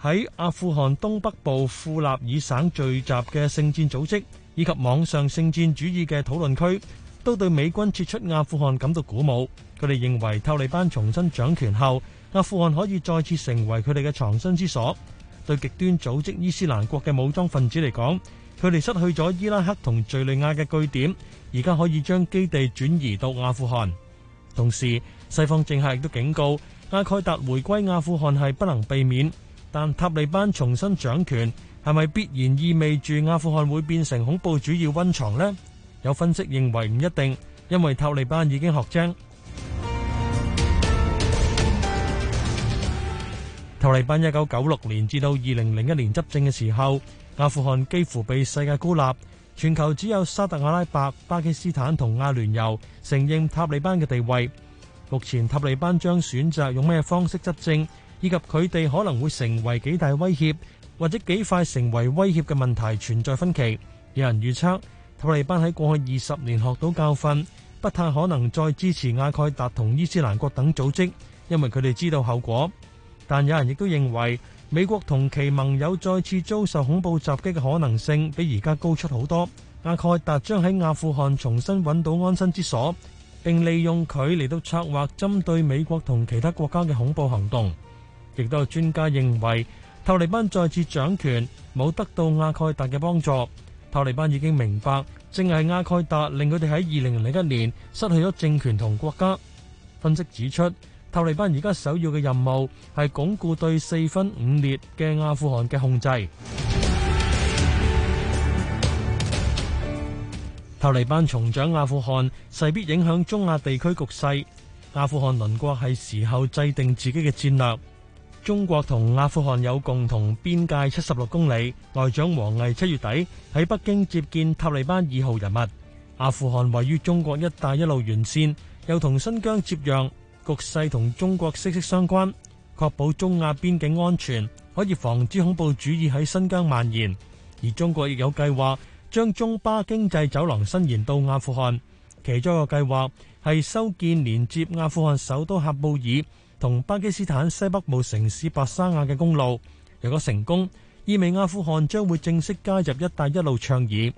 喺阿富汗東北部庫納爾省聚集嘅聖戰組織以及網上聖戰主義嘅討論區，都對美軍撤出阿富汗感到鼓舞。佢哋認為塔利班重新掌權後，阿富汗可以再次成為佢哋嘅藏身之所。對極端組織伊斯蘭國嘅武裝分子嚟講，佢哋失去咗伊拉克同敘利亞嘅據點，而家可以將基地轉移到阿富汗。同時，西方政客亦都警告，阿蓋達回歸阿富汗係不能避免。但塔利班重新掌權係咪必然意味住阿富汗會變成恐怖主義溫床呢？有分析認為唔一定，因為塔利班已經學精。塔利班一九九六年至到二零零一年執政嘅時候，阿富汗幾乎被世界孤立，全球只有沙特阿拉伯、巴基斯坦同阿聯酋承認塔利班嘅地位。目前塔利班將選擇用咩方式執政，以及佢哋可能會成為幾大威脅，或者幾快成為威脅嘅問題存在分歧。有人預測塔利班喺過去二十年學到教訓，不太可能再支持阿蓋達同伊斯蘭國等組織，因為佢哋知道後果。但有人亦都認為美國同其盟友再次遭受恐怖襲擊嘅可能性比而家高出好多。阿蓋達將喺阿富汗重新揾到安身之所。並利用佢嚟到策劃針對美國同其他國家嘅恐怖行動，亦都有專家認為，塔利班再次掌權冇得到阿蓋達嘅幫助，塔利班已經明白，正係阿蓋達令佢哋喺二零零一年失去咗政權同國家。分析指出，塔利班而家首要嘅任務係鞏固對四分五裂嘅阿富汗嘅控制。塔利班重掌阿富汗，勢必影響中亞地區局勢。阿富汗鄰國係時候制定自己嘅戰略。中國同阿富汗有共同邊界七十六公里，外長王毅七月底喺北京接見塔利班二號人物。阿富汗位於中國一帶一路沿線，又同新疆接壤，局勢同中國息息相關。確保中亞邊境安全，可以防止恐怖主義喺新疆蔓延。而中國亦有計劃。將中巴經濟走廊伸延到阿富汗，其中一個計劃係修建連接阿富汗首都喀布爾同巴基斯坦西北部城市白沙瓦嘅公路。如果成功，意味阿富汗將會正式加入“一帶一路”倡議。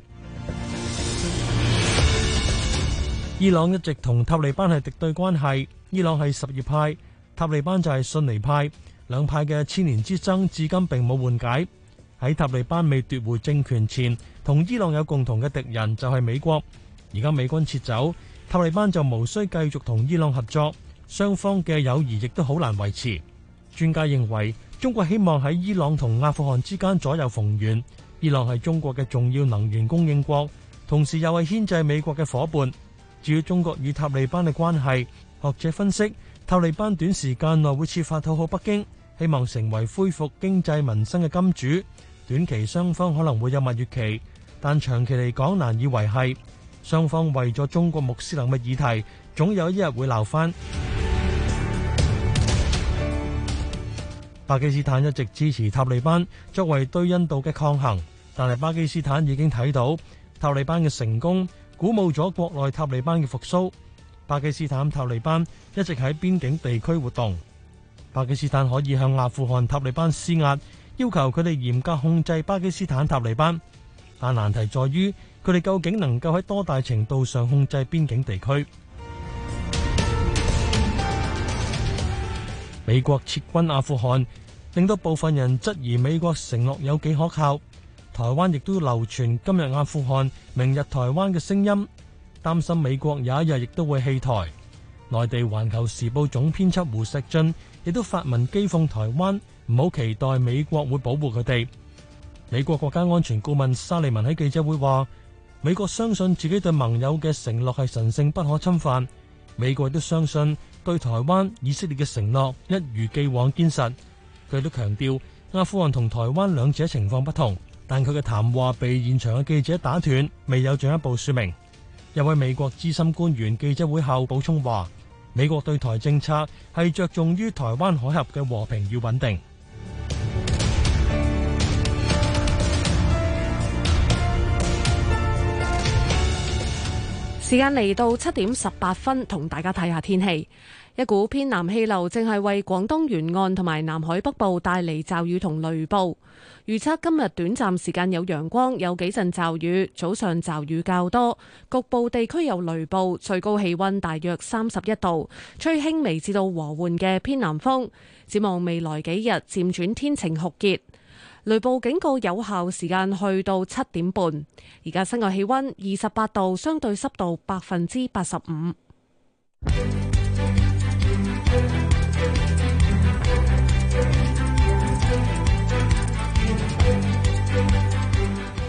伊朗一直同塔利班係敵對關係，伊朗係什葉派，塔利班就係遜尼派，兩派嘅千年之爭至今並冇緩解。喺塔利班未奪回政權前，同伊朗有共同嘅敵人就係美國，而家美軍撤走，塔利班就無需繼續同伊朗合作，雙方嘅友誼亦都好難維持。專家認為，中國希望喺伊朗同阿富汗之間左右逢源，伊朗係中國嘅重要能源供應國，同時又係牽制美國嘅夥伴。至於中國與塔利班嘅關係，學者分析，塔利班短時間內會設法討好北京，希望成為恢復經濟民生嘅金主，短期雙方可能會有蜜月期。但長期嚟講難以維係，雙方為咗中國穆斯林嘅議題，總有一日會鬧翻。 巴基斯坦一直支持塔利班作為對印度嘅抗衡，但係巴基斯坦已經睇到塔利班嘅成功，鼓舞咗國內塔利班嘅復甦。巴基斯坦塔利班一直喺邊境地區活動，巴基斯坦可以向阿富汗塔利班施壓，要求佢哋嚴格控制巴基斯坦塔利班。但難題在於佢哋究竟能夠喺多大程度上控制邊境地區？美國撤軍阿富汗，令到部分人質疑美國承諾有幾可靠。台灣亦都流傳今日阿富汗、明日台灣嘅聲音，擔心美國有一日亦都會棄台。內地《環球時報》總編輯胡錫進亦都發文譏諷台灣，唔好期待美國會保護佢哋。美國國家安全顧問沙利文喺記者會話：美國相信自己對盟友嘅承諾係神聖不可侵犯，美國亦都相信對台灣、以色列嘅承諾一如既往堅實。佢亦都強調，阿富汗同台灣兩者情況不同，但佢嘅談話被現場嘅記者打斷，未有進一步說明。一位美國資深官員記者會後補充話：美國對台政策係着重於台灣海峽嘅和平與穩定。時間嚟到七點十八分，同大家睇下天氣。一股偏南氣流正係為廣東沿岸同埋南海北部帶嚟驟雨同雷暴。預測今日短暫時間有陽光，有幾陣驟雨，早上驟雨較多，局部地區有雷暴。最高氣温大約三十一度，吹輕微至到和緩嘅偏南風。展望未來幾日，漸轉天晴酷熱。雷暴警告有效時間去到七點半。而家室外氣溫二十八度，相對濕度百分之八十五。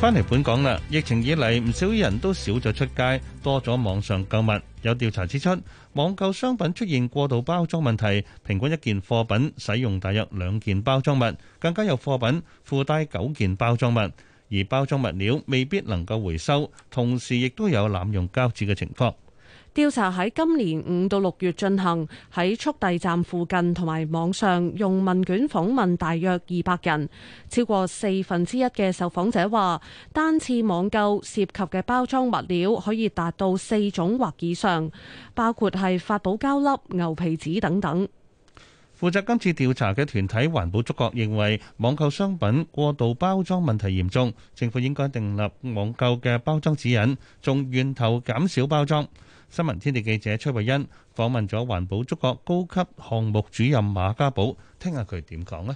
翻嚟本港啦，疫情以嚟唔少人都少咗出街，多咗網上購物。有調查指出。網購商品出現過度包裝問題，平均一件貨品使用大約兩件包裝物，更加有貨品附帶九件包裝物，而包裝物料未必能夠回收，同時亦都有濫用膠紙嘅情況。調查喺今年五到六月進行，喺速遞站附近同埋網上用問卷訪問大約二百人，超過四分之一嘅受訪者話，單次網購涉及嘅包裝物料可以達到四種或以上，包括係發泡膠粒、牛皮紙等等。負責今次調查嘅團體環保觸覺認為，網購商品過度包裝問題嚴重，政府應該訂立網購嘅包裝指引，從源頭減少包裝。新聞天地記者崔慧欣訪問咗環保中國高級項目主任馬家寶，聽下佢點講呢？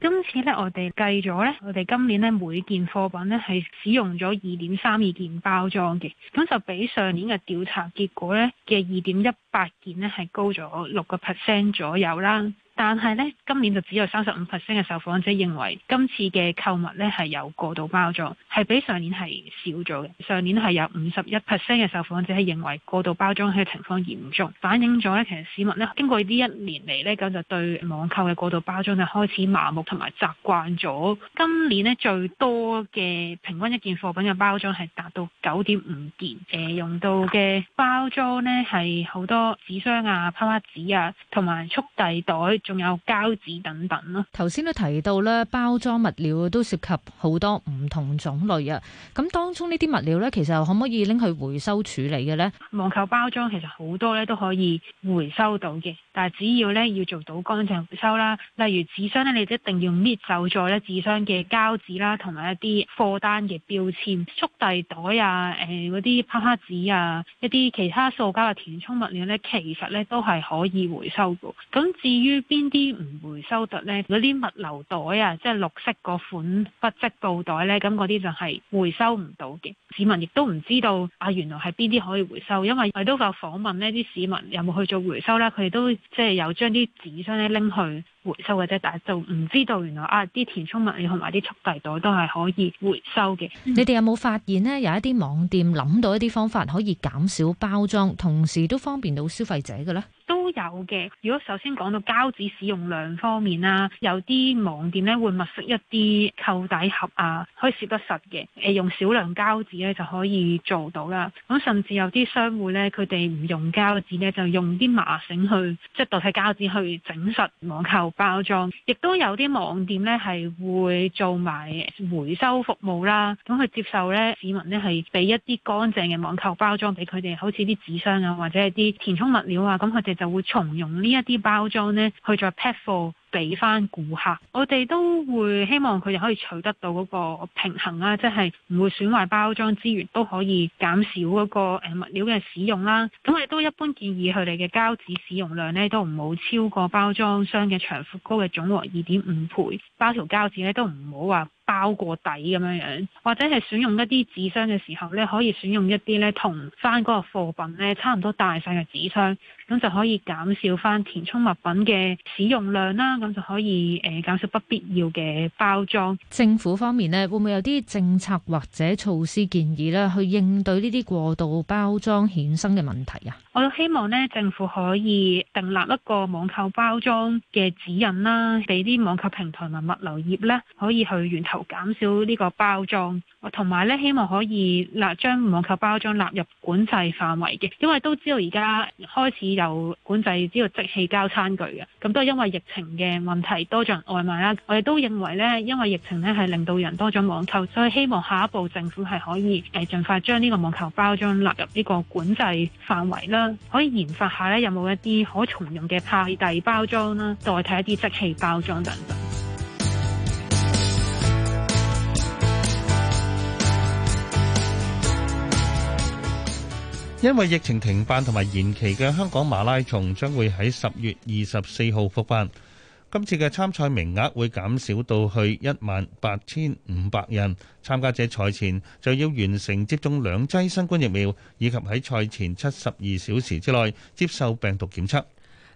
今次呢我哋計咗呢，我哋今年呢每件貨品呢係使用咗二點三二件包裝嘅，咁就比上年嘅調查結果呢嘅二點一八件呢係高咗六個 percent 左右啦。但係咧，今年就只有三十五 percent 嘅受訪者認為今次嘅購物咧係有過度包裝，係比上年係少咗嘅。上年係有五十一 percent 嘅受訪者係認為過度包裝嘅情況嚴重，反映咗咧其實市民咧經過呢一年嚟咧咁就對網購嘅過度包裝就開始麻木同埋習慣咗。今年咧最多嘅平均一件貨品嘅包裝係達到九點五件，誒、呃、用到嘅包裝咧係好多紙箱啊、泡泡紙啊，同埋速遞袋。仲有膠紙等等咯。頭先都提到咧，包裝物料都涉及好多唔同種類啊。咁當中呢啲物料咧，其實可唔可以拎去回收處理嘅咧？網購包裝其實好多咧都可以回收到嘅。但係只要咧要做到乾淨回收啦，例如紙箱咧，你一定要搣走咗咧紙箱嘅膠紙啦，同埋一啲貨單嘅標籤、速遞袋啊、誒嗰啲啪啪紙啊、一啲其他塑膠嘅填充物料咧，其實咧都係可以回收嘅。咁至於邊啲唔回收得咧？嗰啲物流袋啊，即係綠色嗰款不織布袋咧，咁嗰啲就係回收唔到嘅。市民亦都唔知道啊，原來係邊啲可以回收，因為我都有訪問呢啲市民有冇去做回收咧，佢哋都。即係又將啲紙箱咧拎去。回收嘅啫，但係就唔知道原來啊，啲填充物料同埋啲速遞袋都係可以回收嘅。嗯、你哋有冇發現呢？有一啲網店諗到一啲方法可以減少包裝，同時都方便到消費者嘅咧？都有嘅。如果首先講到膠紙使用量方面啦，有啲網店呢會物色一啲扣底盒啊，可以攝得實嘅，誒用少量膠紙咧就可以做到啦。咁甚至有啲商戶呢，佢哋唔用膠紙呢，就用啲麻繩去，即係代替膠紙去整實網購包裝亦都有啲網店呢係會做埋回收服務啦，咁佢接受呢市民呢係俾一啲乾淨嘅網購包裝俾佢哋，好似啲紙箱啊或者係啲填充物料啊，咁佢哋就會重用呢一啲包裝呢，去再 pack 貨。俾翻顧客，我哋都會希望佢哋可以取得到嗰個平衡啦，即係唔會損壞包裝資源，都可以減少嗰個物料嘅使用啦。咁我哋都一般建議佢哋嘅膠紙使用量咧，都唔好超過包裝箱嘅長闊高嘅總和二點五倍，包條膠紙咧都唔好話。包過底咁樣樣，或者係選用一啲紙箱嘅時候咧，可以選用一啲咧，同翻嗰個貨品咧差唔多大細嘅紙箱，咁就可以減少翻填充物品嘅使用量啦。咁就可以誒減少不必要嘅包裝。政府方面呢會唔會有啲政策或者措施建議咧，去應對呢啲過度包裝衍生嘅問題啊？我都希望呢政府可以訂立一個網購包裝嘅指引啦，俾啲網購平台同物流業咧可以去源頭。減少呢個包裝，同埋咧希望可以納將網購包裝納入管制範圍嘅，因為都知道而家開始有管制呢個即棄膠餐具嘅，咁都係因為疫情嘅問題多咗外賣啦。我哋都認為咧，因為疫情咧係令到人多咗網購，所以希望下一步政府係可以誒盡快將呢個網購包裝納入呢個管制範圍啦。可以研發下咧，有冇一啲可重用嘅派遞包裝啦，代替一啲即棄包裝等等。因為疫情停辦同埋延期嘅香港馬拉松將會喺十月二十四號復辦，今次嘅參賽名額會減少到去一萬八千五百人，參加者賽前就要完成接種兩劑新冠疫苗，以及喺賽前七十二小時之內接受病毒檢測。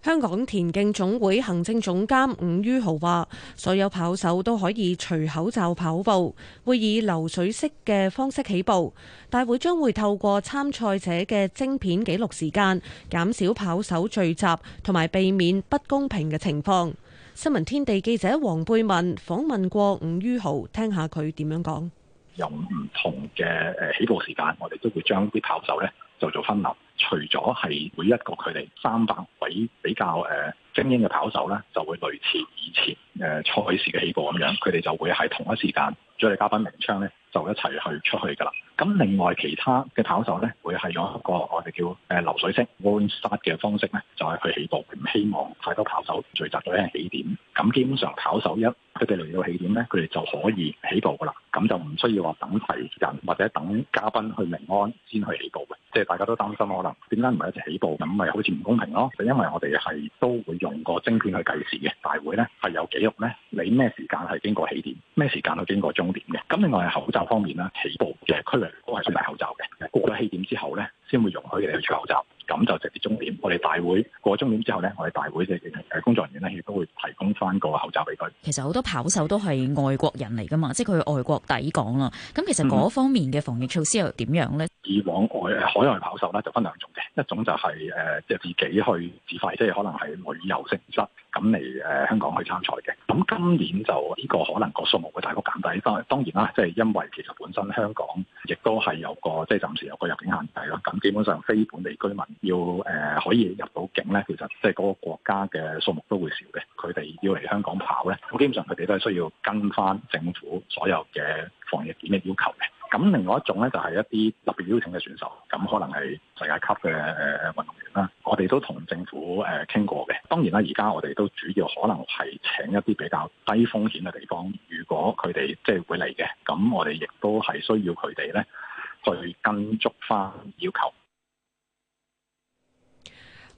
香港田徑總會行政總監伍於豪話，所有跑手都可以除口罩跑步，會以流水式嘅方式起步，大會將會透過參賽者嘅晶片記錄時間，減少跑手聚集同埋避免不公平嘅情況。新聞天地記者黃貝文訪問過伍於豪，聽下佢點樣講。有唔同嘅誒起步時間，我哋都會將啲跑手咧就做分流。除咗係每一個距離三百位比較誒，Uh 精英嘅跑手咧就會類似以前誒賽事嘅起步咁樣，佢哋就會喺同一時間，主禮嘉賓鳴槍咧就一齊去出去㗎啦。咁另外其他嘅跑手咧會係有一個我哋叫誒流水式按殺嘅方式咧，就係、是、去起步，唔希望太多跑手聚集到喺起點。咁基本上跑手一佢哋嚟到起點咧，佢哋就可以起步㗎啦。咁就唔需要話等齊人或者等嘉賓去鳴安先去起步嘅。即係大家都擔心可能點解唔係一齊起，起步咁咪好似唔公平咯？就因為我哋係都會。用個晶片去計時嘅大會咧，係有紀錄咧？你咩時間係經過起點？咩時間都經過終點嘅？咁另外係口罩方面啦，起步嘅區域都係要戴口罩嘅。過咗起點之後咧。先會容許你去除口罩，咁就直接終點。我哋大會過咗終點之後咧，我哋大會嘅工作人員咧亦都會提供翻個口罩俾佢。其實好多跑手都係外國人嚟噶嘛，即係佢外國抵港啦。咁其實嗰方面嘅防疫措施又點樣咧？以往外海外跑手咧就分兩種嘅，一種就係誒即係自己去自費，即係可能係旅遊性質。咁嚟誒香港去參賽嘅，咁今年就呢個可能個數目會大幅減低。當當然啦，即係因為其實本身香港亦都係有個即係暫時有個入境限制咯。咁基本上非本地居民要誒可以入到境咧，其實即係嗰個國家嘅數目都會少嘅。佢哋要嚟香港跑咧，咁基本上佢哋都係需要跟翻政府所有嘅防疫檢疫要求嘅。咁另外一種咧，就係一啲特別邀請嘅選手，咁可能係世界級嘅誒運動員啦。我哋都同政府誒傾過嘅。當然啦，而家我哋都主要可能係請一啲比較低風險嘅地方，如果佢哋即係會嚟嘅，咁我哋亦都係需要佢哋咧去跟足返要求。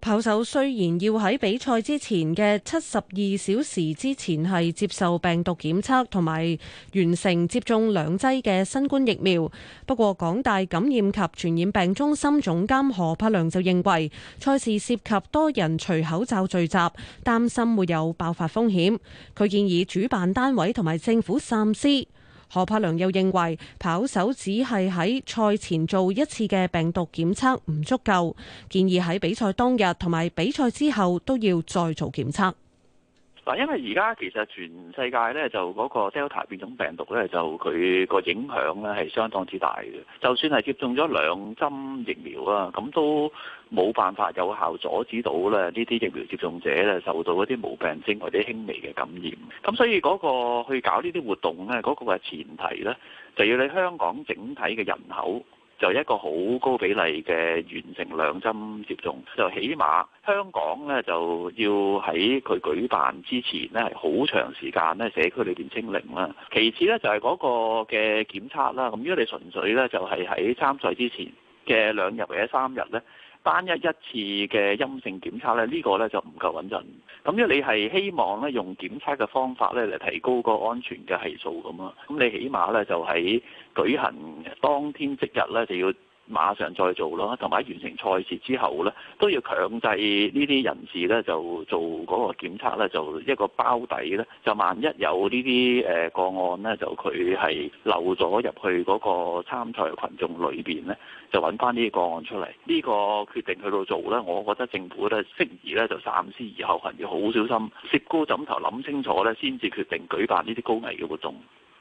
球手雖然要喺比賽之前嘅七十二小時之前係接受病毒檢測同埋完成接種兩劑嘅新冠疫苗，不過港大感染及傳染病中心總監何柏良就認為，賽事涉及多人除口罩聚集，擔心會有爆發風險。佢建議主辦單位同埋政府三思。何柏良又認為，跑手只係喺賽前做一次嘅病毒檢測唔足夠，建議喺比賽當日同埋比賽之後都要再做檢測。嗱，因為而家其實全世界咧，就嗰個 Delta 變種病毒咧，就佢個影響咧係相當之大嘅。就算係接種咗兩針疫苗啊，咁都冇辦法有效阻止到咧呢啲疫苗接種者咧受到一啲無病症或者輕微嘅感染。咁所以嗰個去搞呢啲活動咧，嗰、嗰個嘅前提咧，就要你香港整體嘅人口，就一個好高比例嘅完成兩針接種，就起碼香港咧就要喺佢舉辦之前咧係好長時間咧社區裏邊清零啦。其次咧就係嗰個嘅檢測啦，咁如果你純粹咧就係喺參賽之前嘅兩日或者三日咧。單一一次嘅陰性檢測咧，呢個咧就唔夠穩陣。咁因為你係希望咧用檢測嘅方法咧嚟提高個安全嘅係數咁啊。咁你起碼咧就喺舉行當天即日咧就要。馬上再做咯，同埋完成賽事之後呢，都要強制呢啲人士呢，就做嗰個檢測呢，就一個包底呢，就萬一有呢啲誒個案呢，就佢係漏咗入去嗰個參賽群眾裏邊呢，就揾翻呢個案出嚟。呢個決定去到做呢，我覺得政府呢適宜呢，就三思而後行，要好小心，摺高枕頭諗清楚呢，先至決定舉辦呢啲高危嘅活動。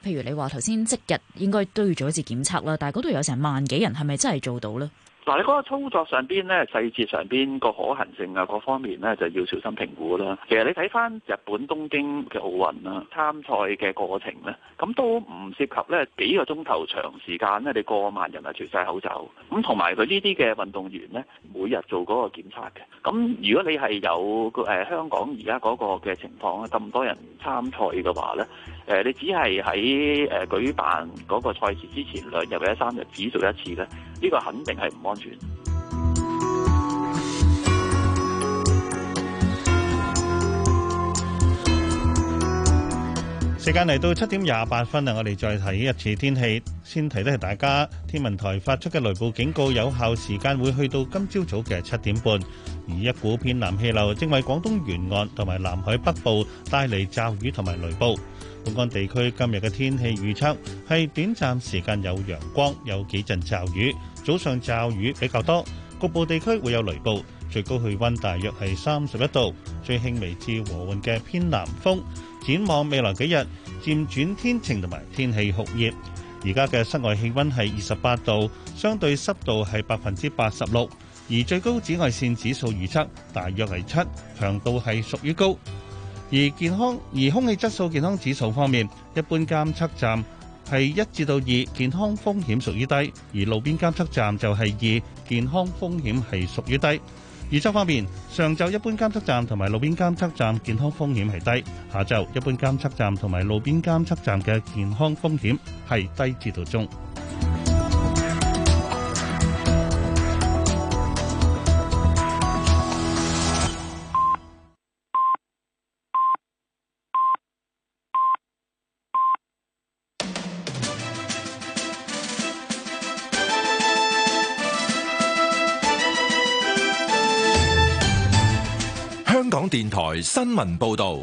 譬如你話頭先即日應該都要做一次檢測啦，但係嗰度有成萬幾人，係咪真係做到呢？嗱，你嗰個操作上邊咧、細節上邊個可行性啊各方面咧，就要小心評估啦。其實你睇翻日本東京嘅奧運啦，參賽嘅過程咧，咁都唔涉及咧幾個鐘頭長時間咧，你過萬人啊除晒口罩，咁同埋佢呢啲嘅運動員咧，每日做嗰個檢測嘅。咁如果你係有個誒香港而家嗰個嘅情況啊，咁多人參賽嘅話咧。誒，你只係喺誒舉辦嗰個賽事之前兩日或者三日，只做一次咧，呢、這個肯定係唔安全。時間嚟到七點廿八分啊！我哋再睇一次天氣，先提咧係大家，天文台發出嘅雷暴警告，有效時間會去到今朝早嘅七點半，而一股偏南氣流正為廣東沿岸同埋南海北部帶嚟驟雨同埋雷暴。本港地區今日嘅天氣預測係短暫時間有陽光，有幾陣驟雨，早上驟雨比較多，局部地區會有雷暴。最高氣溫大約係三十一度，最輕微至和緩嘅偏南風。展望未來幾日漸轉天晴同埋天氣酷熱。而家嘅室外氣溫係二十八度，相對濕度係百分之八十六，而最高紫外線指數預測大約係七，強度係屬於高。而健康而空氣質素健康指數方面，一般監測站係一至到二，健康風險屬於低；而路邊監測站就係二，健康風險係屬於低。預測方面，上晝一般監測站同埋路邊監測站健康風險係低，下晝一般監測站同埋路邊監測站嘅健康風險，係低至到中。台新聞報道，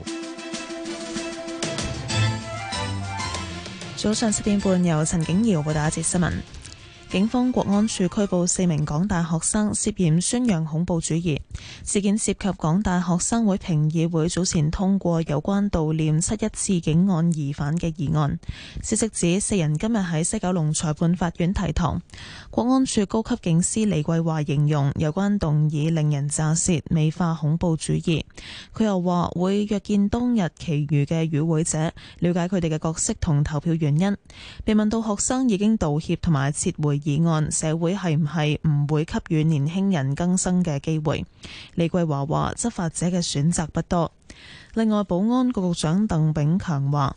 早上七點半由陳景瑤報道一節新聞。警方國安處拘捕四名港大學生，涉嫌宣揚恐怖主義。事件涉及港大學生會評議會早前通過有關悼念七一次警案疑犯嘅議案。消息指四人今日喺西九龍裁判法院提堂。國安處高級警司李桂華形容有關動議令人咋舌，美化恐怖主義。佢又話會約見當日其餘嘅與會者，了解佢哋嘅角色同投票原因。被問到學生已經道歉同埋撤回，議案社會係唔係唔會給予年輕人更生嘅機會？李桂華話：執法者嘅選擇不多。另外，保安局局長鄧炳強話：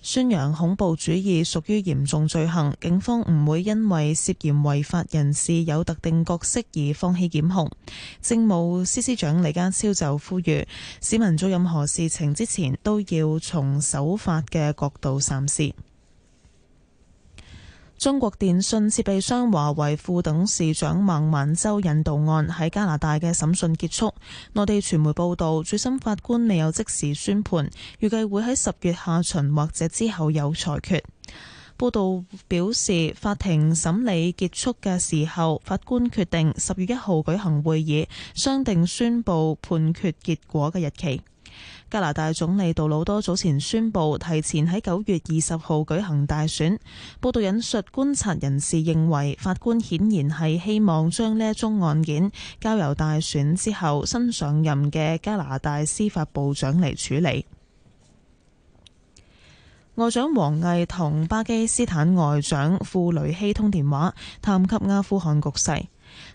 宣揚恐怖主義屬於嚴重罪行，警方唔會因為涉嫌違法人士有特定角色而放棄檢控。政務司司長李家超就呼籲市民做任何事情之前都要從守法嘅角度三思。中國電信設備商華為副董事長孟晚舟引渡案喺加拿大嘅審訊結束，內地傳媒報道，主審法官未有即時宣判，預計會喺十月下旬或者之後有裁決。報道表示，法庭審理結束嘅時候，法官決定十月一號舉行會議，商定宣佈判決結果嘅日期。加拿大總理杜魯多早前宣布提前喺九月二十號舉行大選。報道引述觀察人士認為，法官顯然係希望將呢一宗案件交由大選之後新上任嘅加拿大司法部長嚟處理。外長王毅同巴基斯坦外長庫雷希通電話，探及阿富汗局勢。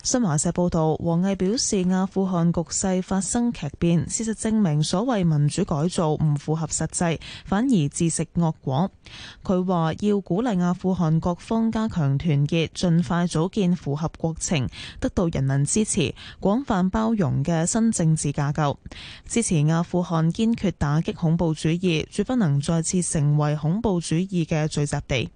新華社報道，王毅表示，阿富汗局勢發生劇變，事實證明所謂民主改造唔符合實際，反而自食惡果。佢話要鼓勵阿富汗各方加強團結，盡快組建符合國情、得到人民支持、廣泛包容嘅新政治架構，支持阿富汗堅決打擊恐怖主義，絕不能再次成為恐怖主義嘅聚集地。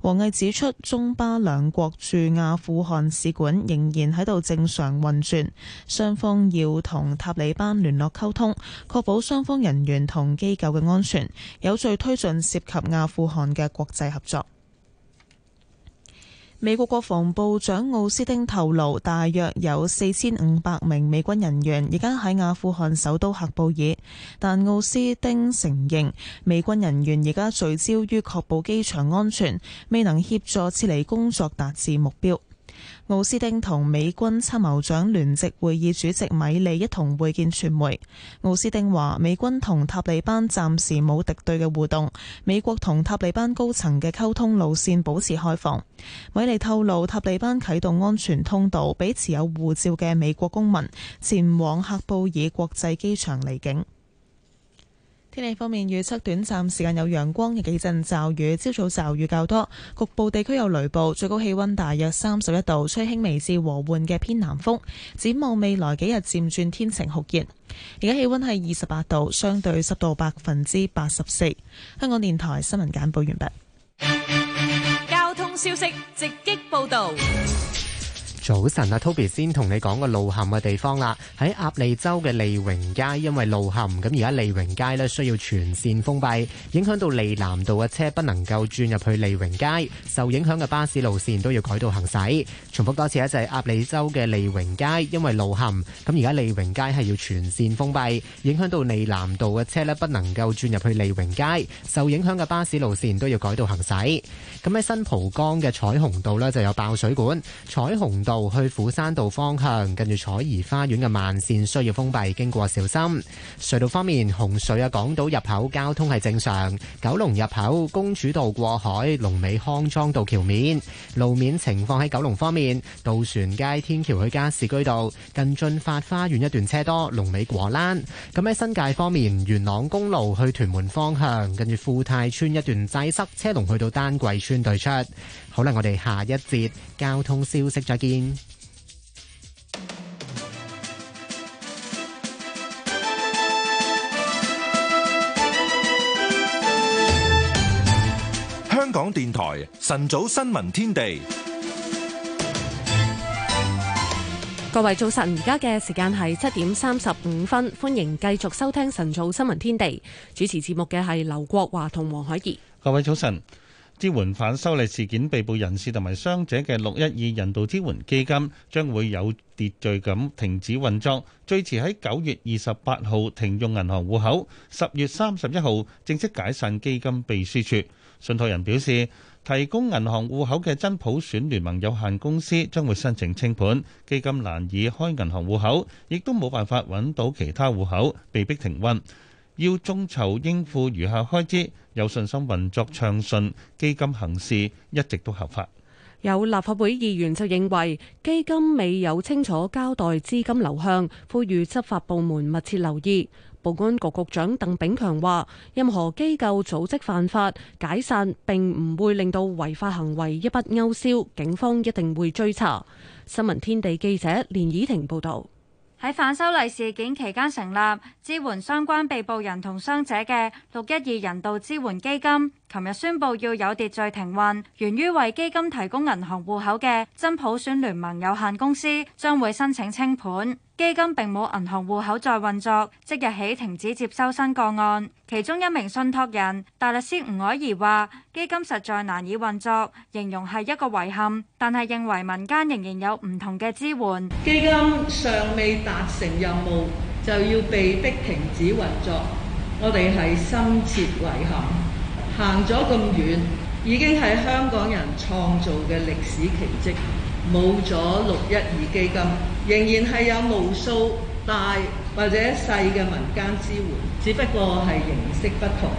王毅指出，中巴兩國駐阿富汗使館仍然喺度正常運轉，雙方要同塔利班聯絡溝通，確保雙方人員同機構嘅安全，有序推進涉及阿富汗嘅國際合作。美國國防部長奧斯汀透露，大約有四千五百名美軍人員而家喺阿富汗首都喀布爾，但奧斯汀承認美軍人員而家聚焦於確保機場安全，未能協助撤離工作達至目標。奧斯汀同美軍參謀長聯席會議主席米利一同會見傳媒。奧斯汀話：美軍同塔利班暫時冇敵對嘅互動，美國同塔利班高層嘅溝通路線保持開放。米利透露，塔利班啟動安全通道，俾持有護照嘅美國公民前往喀布爾國際機場離境。天氣方面預測短暫時間有陽光，有幾陣驟雨，朝早驟雨較多，局部地區有雷暴，最高氣溫大約三十一度，吹輕微至和緩嘅偏南風。展望未來幾日漸轉天晴酷熱，而家氣溫係二十八度，相對濕度百分之八十四。香港電台新聞簡報完畢。交通消息直擊報道。早晨啊，Toby 先同你講個路陷嘅地方啦。喺鴨脷洲嘅利榮街，因為路陷，咁而家利榮街呢需要全綫封閉，影響到利南道嘅車不能夠轉入去利榮街，受影響嘅巴士路綫都要改道行駛。重複多次，一就係鴨脷洲嘅利榮街，因為路陷，咁而家利榮街係要全綫封閉，影響到利南道嘅車呢不能夠轉入去利榮街，受影響嘅巴士路綫都要改道行駛。咁喺新蒲崗嘅彩虹道呢就有爆水管，彩虹。去釜山道方向，近住彩怡花園嘅慢線需要封閉，經過小心。隧道方面，紅隧啊，港島入口交通係正常，九龍入口公主道過海，龍尾康莊道橋面路面情況。喺九龍方面，渡船街天橋去加士居道，近駿發花園一段車多，龍尾果欄。咁喺新界方面，元朗公路去屯門方向，近住富泰村一段擠塞車龍，車龍去到丹桂村對出。好啦，我哋下一節交通消息再見。香港電台晨早新聞天地，各位早晨，而家嘅時間係七點三十五分，歡迎繼續收聽晨早新聞天地。主持節目嘅係劉國華同黃海怡。各位早晨。支援反修例事件被捕人士同埋傷者嘅六一二人道支援基金將會有秩序咁停止運作，最遲喺九月二十八號停用銀行戶口，十月三十一號正式解散基金秘書處，信託人表示，提供銀行戶口嘅真普選聯盟有限公司將會申請清盤，基金難以開銀行戶口，亦都冇辦法揾到其他戶口，被逼停運。要中籌應付餘下開支，有信心運作暢順。基金行事一直都合法。有立法會議員就認為基金未有清楚交代資金流向，呼籲執法部門密切留意。保安局局長鄧炳強話：任何機構組織犯法，解散並唔會令到違法行為一筆勾銷，警方一定會追查。新聞天地記者連以婷報道。喺反修例事件期間成立支援相關被捕人同傷者嘅六一二人道支援基金。琴日宣布要有秩序停運，源於為基金提供銀行戶口嘅真普選聯盟有限公司將會申請清盤。基金並冇銀行戶口再運作，即日起停止接收新個案。其中一名信託人大律師吳靄儀話：基金實在難以運作，形容係一個遺憾，但係認為民間仍然有唔同嘅支援。基金尚未達成任務，就要被逼停止運作，我哋係深切遺憾。行咗咁遠，已經係香港人創造嘅歷史奇蹟。冇咗六一二基金，仍然係有無數大或者細嘅民間支援，只不過係形式不同。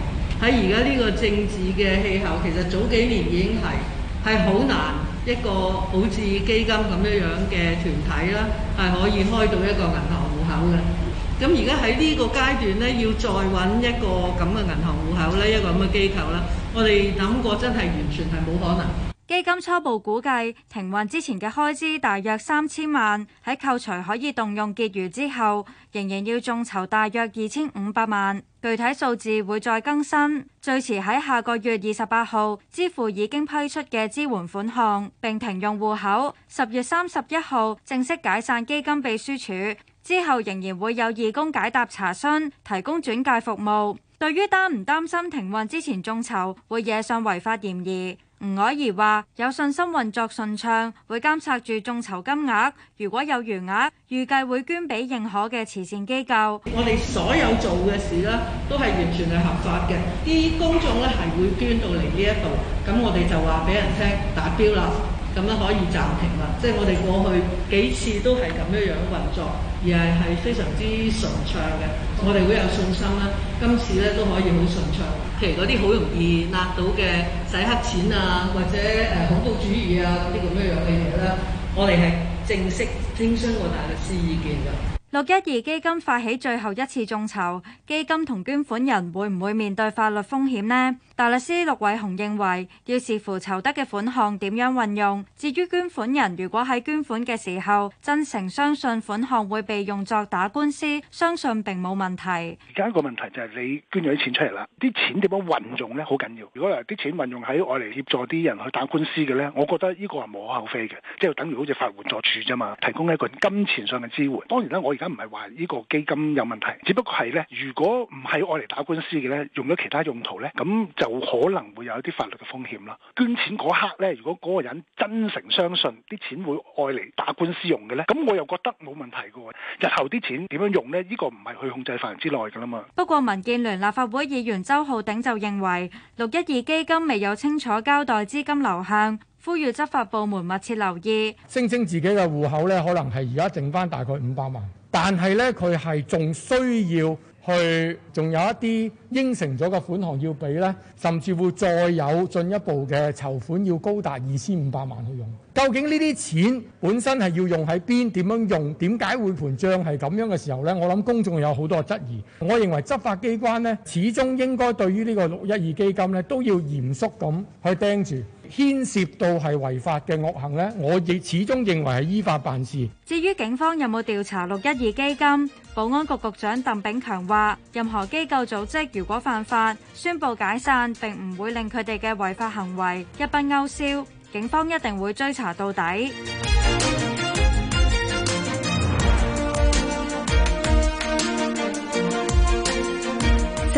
喺而家呢個政治嘅氣候，其實早幾年已經係係好難一個好似基金咁樣樣嘅團體啦，係可以開到一個銀行戶口嘅。咁而家喺呢個階段呢要再揾一個咁嘅銀行戶口呢一個咁嘅機構啦，我哋諗過真係完全係冇可能。基金初步估計停運之前嘅開支大約三千萬，喺扣除可以動用結餘之後，仍然要眾籌大約二千五百萬。具體數字會再更新，最遲喺下個月二十八號支付已經批出嘅支援款項，並停用戶口。十月三十一號正式解散基金秘書處。之後仍然會有義工解答查詢，提供轉介服務。對於擔唔擔心停運之前眾籌會惹上違法嫌疑，吳凱怡話：有信心運作順暢，會監察住眾籌金額。如果有餘額，預計會捐俾認可嘅慈善機構。我哋所有做嘅事咧，都係完全係合法嘅。啲公眾咧係會捐到嚟呢一度，咁我哋就話俾人聽打標啦。咁樣可以暫停啦，即係我哋過去幾次都係咁樣樣運作，而係係非常之順暢嘅。我哋會有信心啦，今次咧都可以好順暢。其實嗰啲好容易勒到嘅洗黑錢啊，或者誒恐怖主義啊嗰啲咁樣樣嘅嘢咧，我哋係正式徵詢過大律師意見嘅。六一二基金發起最後一次眾籌，基金同捐款人會唔會面對法律風險呢？大律師陸偉雄認為，要視乎籌得嘅款項點樣運用。至於捐款人，如果喺捐款嘅時候真誠相信款項會被用作打官司，相信並冇問題。而家一個問題就係你捐咗啲錢出嚟啦，啲錢點樣運用咧，好緊要。如果係啲錢運用喺外嚟協助啲人去打官司嘅咧，我覺得呢個係無可厚非嘅，即係等於好似法援助處啫嘛，提供一個金錢上嘅支援。當然啦，我而家唔係話呢個基金有問題，只不過係咧，如果唔係外嚟打官司嘅咧，用咗其他用途咧，咁就。冇可能會有一啲法律嘅風險啦。捐錢嗰刻咧，如果嗰個人真誠相信啲錢會愛嚟打官司用嘅咧，咁我又覺得冇問題嘅。日後啲錢點樣用咧？呢個唔係去控制範圍之內噶啦嘛。不過民建聯立法會議員周浩鼎就認為，六一二基金未有清楚交代資金流向，呼籲執法部門密切留意。聲稱自己嘅戶口咧，可能係而家剩翻大概五百萬，但係咧佢係仲需要。去，仲有一啲應承咗嘅款項要俾呢，甚至乎再有進一步嘅籌款要高達二千五百萬去用。究竟呢啲錢本身係要用喺邊？點樣用？點解會盤賬係咁樣嘅時候呢？我諗公眾有好多質疑。我認為執法機關呢，始終應該對於呢個六一二基金呢，都要嚴肅咁去盯住。牽涉到係違法嘅惡行呢，我亦始終認為係依法辦事。至於警方有冇調查六一二基金，保安局局長鄧炳強話：任何機構組織如果犯法，宣布解散並唔會令佢哋嘅違法行為一筆勾銷，警方一定會追查到底。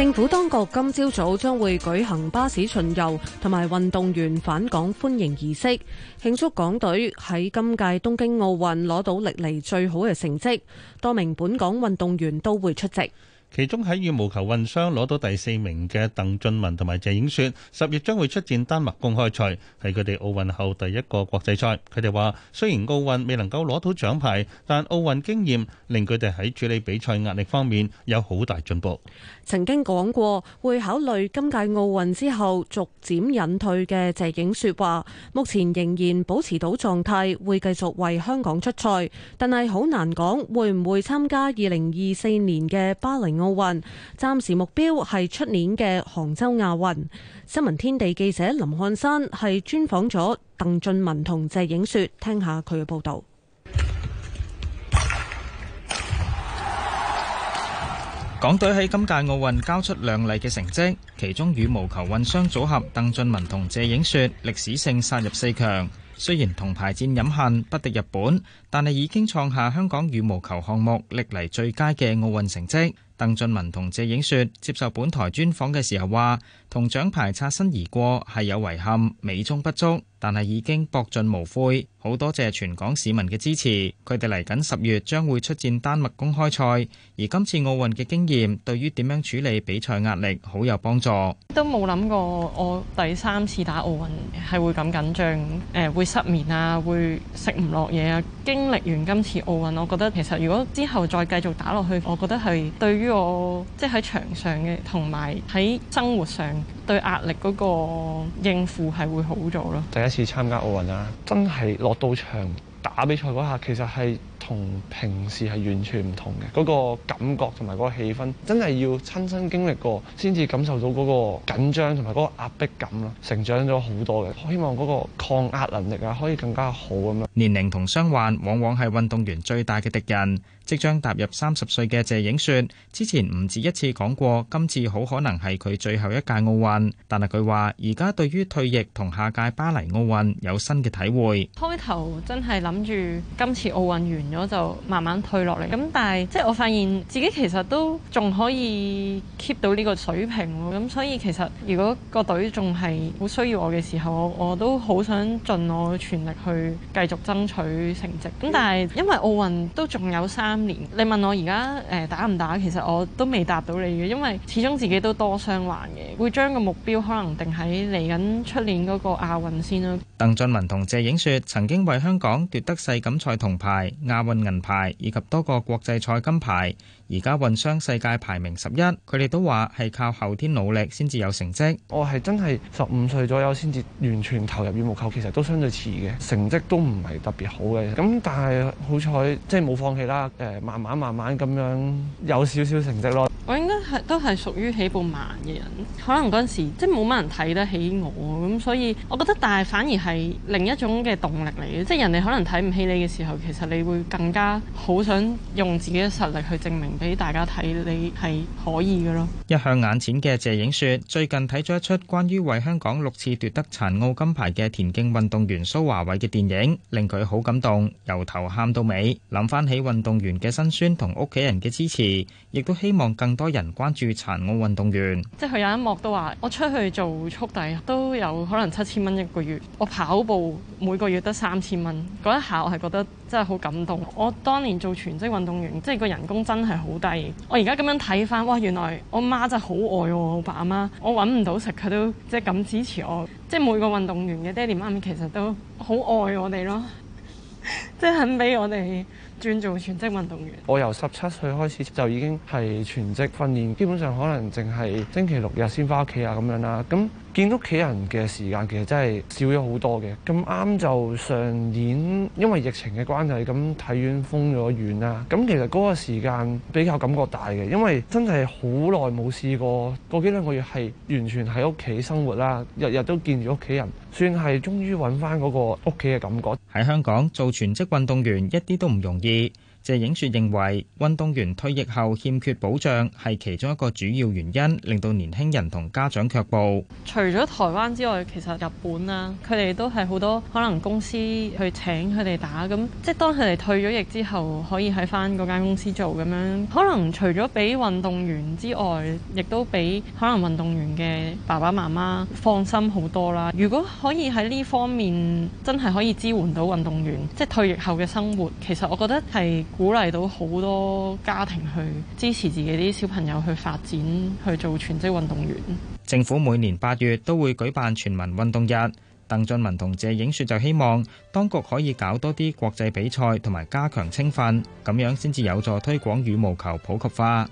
政府當局今朝早將會舉行巴士巡遊同埋運動員返港歡迎儀式，慶祝港隊喺今屆東京奧運攞到歷嚟最好嘅成績，多名本港運動員都會出席。其中喺羽毛球混雙攞到第四名嘅鄧俊文同埋謝影雪，十月將會出戰丹麥公開賽，係佢哋奧運後第一個國際賽。佢哋話雖然奧運未能夠攞到獎牌，但奧運經驗令佢哋喺處理比賽壓力方面有好大進步。曾經講過會考慮今屆奧運之後逐漸隱退嘅謝影雪話，目前仍然保持到狀態，會繼續為香港出賽，但係好難講會唔會參加二零二四年嘅巴黎奧運。奧運暫時目標係出年嘅杭州亞運。新聞天地記者林漢山係專訪咗鄧俊文同謝影雪，聽下佢嘅報道。港隊喺今屆奧運交出亮麗嘅成績，其中羽毛球混雙組合鄧俊文同謝影雪歷史性殺入四強。雖然銅牌戰飲恨不敵日本，但係已經創下香港羽毛球項目歷嚟最佳嘅奧運成績。鄧俊文同謝影雪接受本台專訪嘅時候話。同獎牌擦身而過係有遺憾，美中不足，但係已經搏盡無悔。好多謝全港市民嘅支持，佢哋嚟緊十月將會出戰丹麥公開賽，而今次奧運嘅經驗對於點樣處理比賽壓力好有幫助。都冇諗過我第三次打奧運係會咁緊張，誒會失眠啊，會食唔落嘢啊。經歷完今次奧運，我覺得其實如果之後再繼續打落去，我覺得係對於我即係喺場上嘅同埋喺生活上，對壓力嗰個應付係會好咗咯。第一次參加奧運啊，真係落到場打比賽嗰下，其實係同平時係完全唔同嘅，嗰個感覺同埋嗰個氣氛，真係要親身經歷過先至感受到嗰個緊張同埋嗰個壓迫感咯。成長咗好多嘅，我希望嗰個抗壓能力啊可以更加好咁樣。年齡同傷患往往係運動員最大嘅敵人。即將踏入三十歲嘅謝影雪，之前唔止一次講過，今次好可能係佢最後一屆奧運，但係佢話而家對於退役同下屆巴黎奧運有新嘅體會。開頭真係諗住今次奧運完咗就慢慢退落嚟，咁但係即係我發現自己其實都仲可以 keep 到呢個水平咁，所以其實如果個隊仲係好需要我嘅時候，我都好想盡我全力去繼續爭取成績，咁但係因為奧運都仲有三。三年，你問我而家誒打唔打？其實我都未答到你嘅，因為始終自己都多傷患嘅，會將個目標可能定喺嚟緊出年嗰個亞運先咯。鄧俊文同謝影雪曾經為香港奪得世錦賽銅牌、亞運銀牌以及多個國際賽金牌，而家混雙世界排名十一。佢哋都話係靠後天努力先至有成績。我係真係十五歲左右先至完全投入羽毛球，其實都相對遲嘅，成績都唔係特別好嘅。咁但係好彩，即係冇放棄啦。慢慢慢慢咁樣有少少成績咯。我應該係都係屬於起步慢嘅人，可能嗰陣時即係冇乜人睇得起我，咁所以我覺得，但係反而係另一種嘅動力嚟嘅，即係人哋可能睇唔起你嘅時候，其實你會更加好想用自己嘅實力去證明俾大家睇，你係可以嘅咯。一向眼淺嘅謝影雪，最近睇咗一出關於為香港六次奪得殘奧金牌嘅田徑運動員蘇樺偉嘅電影，令佢好感動，由頭喊到尾，諗翻起運動員。嘅辛酸同屋企人嘅支持，亦都希望更多人關注殘奧運動員。即係佢有一幕都話，我出去做速遞都有可能七千蚊一個月，我跑步每個月得三千蚊。嗰一下我係覺得真係好感動。我當年做全職運動員，即係個人工真係好低。我而家咁樣睇翻，哇！原來我媽真係好愛、啊、我，阿爸阿媽，我揾唔到食佢都即係咁支持我。即係每個運動員嘅爹哋媽咪其實都好愛我哋咯，即係肯俾我哋。轉做全職運動員，我由十七歲開始就已經係全職訓練，基本上可能淨係星期六日先返屋企啊，咁樣啦，咁。見屋企人嘅時間其實真係少咗好多嘅，咁啱就上年因為疫情嘅關係，咁體院封咗院啦，咁其實嗰個時間比較感覺大嘅，因為真係好耐冇試過過幾兩個月係完全喺屋企生活啦，日日都見住屋企人，算係終於揾翻嗰個屋企嘅感覺。喺香港做全職運動員一啲都唔容易。謝影雪認為運動員退役後欠缺保障係其中一個主要原因，令到年輕人同家長卻步。除咗台灣之外，其實日本啊，佢哋都係好多可能公司去請佢哋打，咁即係當佢哋退咗役之後，可以喺返嗰間公司做咁樣。可能除咗俾運動員之外，亦都俾可能運動員嘅爸爸媽媽放心好多啦。如果可以喺呢方面真係可以支援到運動員，即係退役後嘅生活，其實我覺得係。鼓勵到好多家庭去支持自己啲小朋友去發展去做全職運動員。政府每年八月都會舉辦全民運動日。鄧俊文同謝影雪就希望當局可以搞多啲國際比賽同埋加強青訓，咁樣先至有助推廣羽毛球普及化。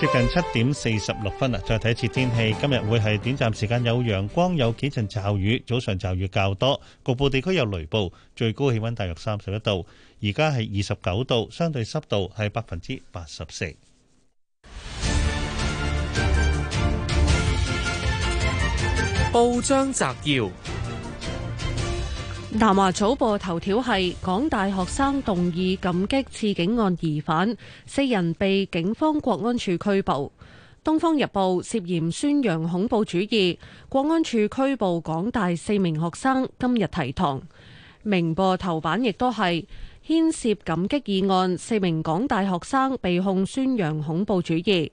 接近七點四十六分啦，再睇一次天氣。今日會係短暫時間有陽光，有幾陣驟雨，早上驟雨較多，局部地區有雷暴。最高氣溫大約三十一度，而家係二十九度，相對濕度係百分之八十四。報章摘要。南華早報頭條係港大學生動議感激刺警案疑犯，四人被警方國安處拘捕。東方日報涉嫌宣揚恐怖主義，國安處拘捕港大四名學生，今日提堂。明報頭版亦都係牽涉感激議案，四名港大學生被控宣揚恐怖主義。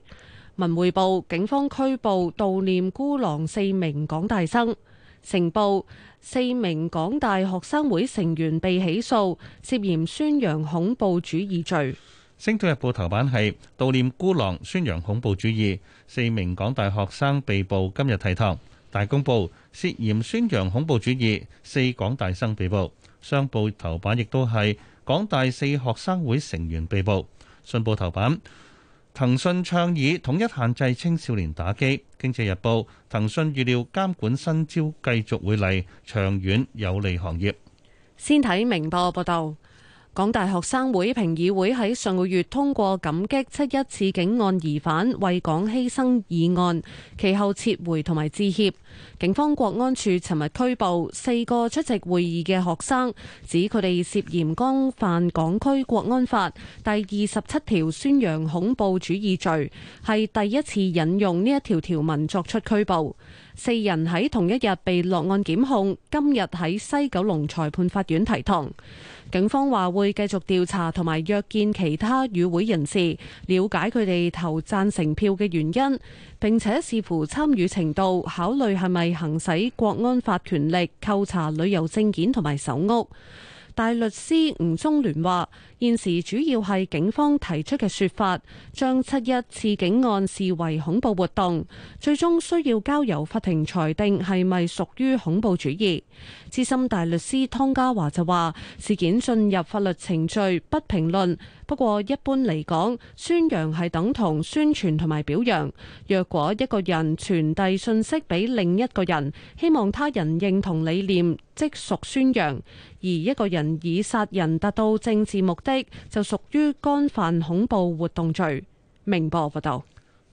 文匯報警方拘捕悼念孤狼四名港大生。成報。四名港大學生會成員被起訴，涉嫌宣揚恐怖主義罪。星島日報頭版係悼念孤狼，宣揚恐怖主義。四名港大學生被捕，今日提堂。大公報涉嫌宣揚恐怖主義，四港大生被捕。商報頭版亦都係港大四學生會成員被捕。信報頭版。騰訊倡議統一限制青少年打機。經濟日報：騰訊預料監管新招繼續會嚟，長遠有利行業。先睇明報報道。港大學生會評議會喺上個月通過感激七一刺警案疑犯為港犧牲議案，其後撤回同埋致歉。警方國安處尋日拘捕四個出席會議嘅學生，指佢哋涉嫌干犯港區國安法第二十七條宣揚恐怖主義罪，係第一次引用呢一條條文作出拘捕。四人喺同一日被落案檢控，今日喺西九龍裁判法院提堂。警方話會繼續調查同埋約見其他與會人士，了解佢哋投贊成票嘅原因，並且視乎參與程度，考慮係咪行使國安法權力，扣查旅遊證件同埋搜屋。大律師吳宗聯話，現時主要係警方提出嘅說法，將七一刺警案視為恐怖活動，最終需要交由法庭裁定係咪屬於恐怖主義。資深大律師湯家驊就話：事件進入法律程序，不評論。不過一般嚟講，宣揚係等同宣傳同埋表揚。若果一個人傳遞信息俾另一個人，希望他人認同理念，即屬宣揚。而一個人以殺人達到政治目的。就屬於干犯恐怖活動罪。明報報道，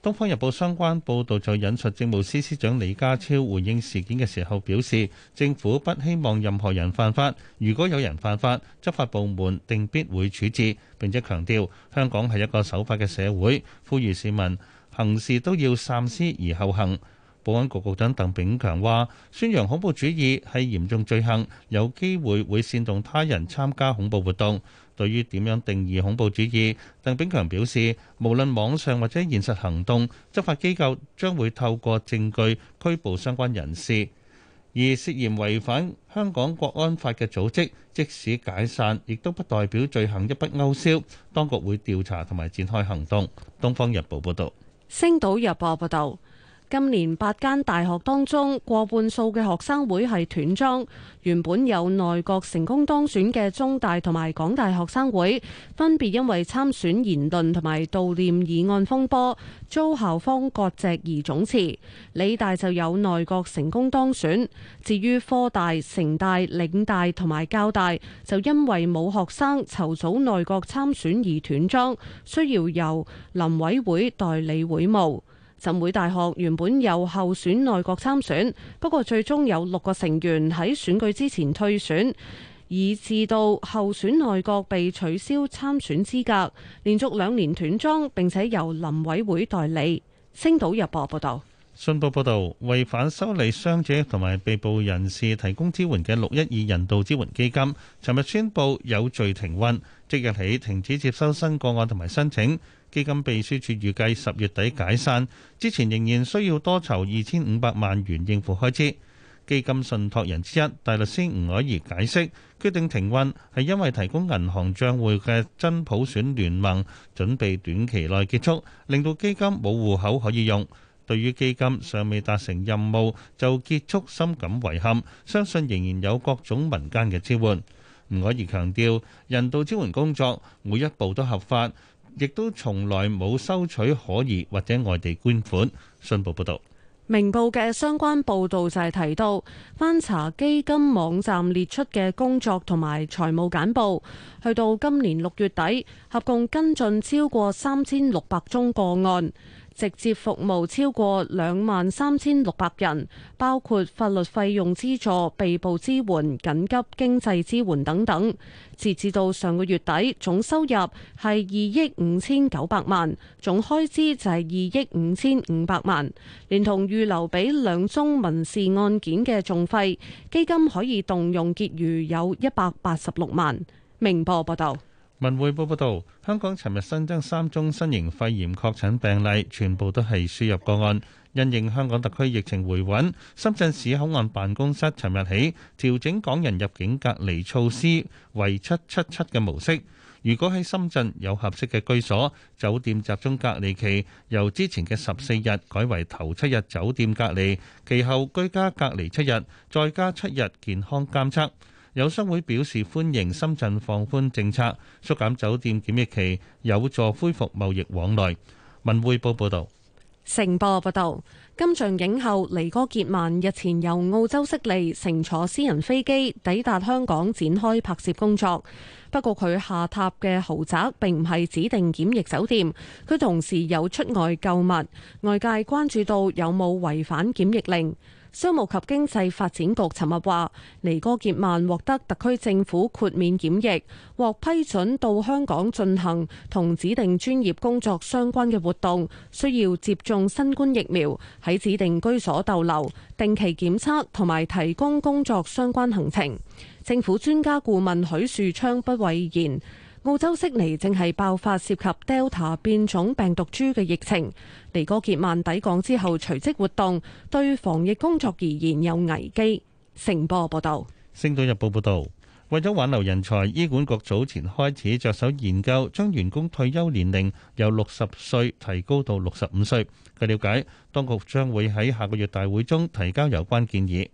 《東方日報》相關報導在引述政務司司長李家超回應事件嘅時候表示，政府不希望任何人犯法，如果有人犯法，執法部門定必會處置。並且強調，香港係一個守法嘅社會，呼籲市民行事都要三思而後行。保安局局長鄧炳強話：宣揚恐怖主義係嚴重罪行，有機會會煽動他人參加恐怖活動。對於點樣定義恐怖主義，鄧炳強表示，無論網上或者現實行動，執法機構將會透過證據拘捕相關人士。而涉嫌違反香港國安法嘅組織，即使解散，亦都不代表罪行一筆勾銷，當局會調查同埋展開行動。東方日報報道，星島日報報道。今年八間大學當中，過半數嘅學生會係斷莊。原本有內閣成功當選嘅中大同埋港大學生會，分別因為參選言論同埋悼念議案風波，遭校方割席而總辭。理大就有內閣成功當選。至於科大、城大、嶺大同埋教大，就因為冇學生籌組內閣參選而斷莊，需要由臨委會代理會務。浸會大學原本由候選內閣參選，不過最終有六個成員喺選舉之前退選，以至到候選內閣被取消參選資格，連續兩年斷莊，並且由臨委會代理。星島日報報道。信報報導，為反修例傷者同埋被捕人士提供支援嘅六一二人道支援基金，尋日宣布有序停運，即日起停止接收新個案同埋申請。基金秘書處預計十月底解散，之前仍然需要多籌二千五百萬元應付開支。基金信託人之一大律師吳靄儀解釋，決定停運係因為提供銀行帳戶嘅真普選聯盟準備短期內結束，令到基金冇戶口可以用。對於基金尚未達成任務就結束，深感遺憾。相信仍然有各種民間嘅支援。吳靄儀強調，人道支援工作每一步都合法，亦都從來冇收取可疑或者外地捐款。信報報道，明報嘅相關報導就係提到，翻查基金網站列出嘅工作同埋財務簡報，去到今年六月底，合共跟進超過三千六百宗個案，直接服務超過兩萬三千六百人，包括法律費用資助、被捕支援、緊急經濟支援等等。截至到上個月底，總收入係二億五千九百萬，總開支就係二億五千五百萬，連同預留俾兩宗民事案件嘅訟費，基金可以動用結餘有一百八十六萬。明報報道。文匯報報道，香港尋日新增三宗新型肺炎確診病例，全部都係輸入個案。因應香港特區疫情回穩，深圳市口岸辦公室尋日起調整港人入境隔離措施為七七七嘅模式。如果喺深圳有合適嘅居所，酒店集中隔離期由之前嘅十四日改為頭七日酒店隔離，其後居家隔離七日，再加七日健康監測。有商會表示歡迎深圳放寬政策，縮減酒店檢疫期，有助恢復貿易往來。文匯報報道。成報報道，金像影后尼哥杰曼日前由澳洲悉尼乘坐私人飛機抵達香港，展開拍攝工作。不過佢下榻嘅豪宅並唔係指定檢疫酒店，佢同時有出外購物，外界關注到有冇違反檢疫令。商務及經濟發展局尋日話，尼哥杰曼獲得特區政府豁免檢疫，獲批准到香港進行同指定專業工作相關嘅活動，需要接種新冠疫苗、喺指定居所逗留、定期檢測同埋提供工作相關行程。政府專家顧問許樹昌不諱言。澳洲悉尼正係爆發涉及 Delta 變種病毒株嘅疫情，妮歌潔曼抵港之後隨即活動，對防疫工作而言有危機。成報報道，《星島日報》報道，為咗挽留人才，醫管局早前開始着手研究，將員工退休年齡由六十歲提高到六十五歲。據了解，當局將會喺下個月大會中提交有關建議。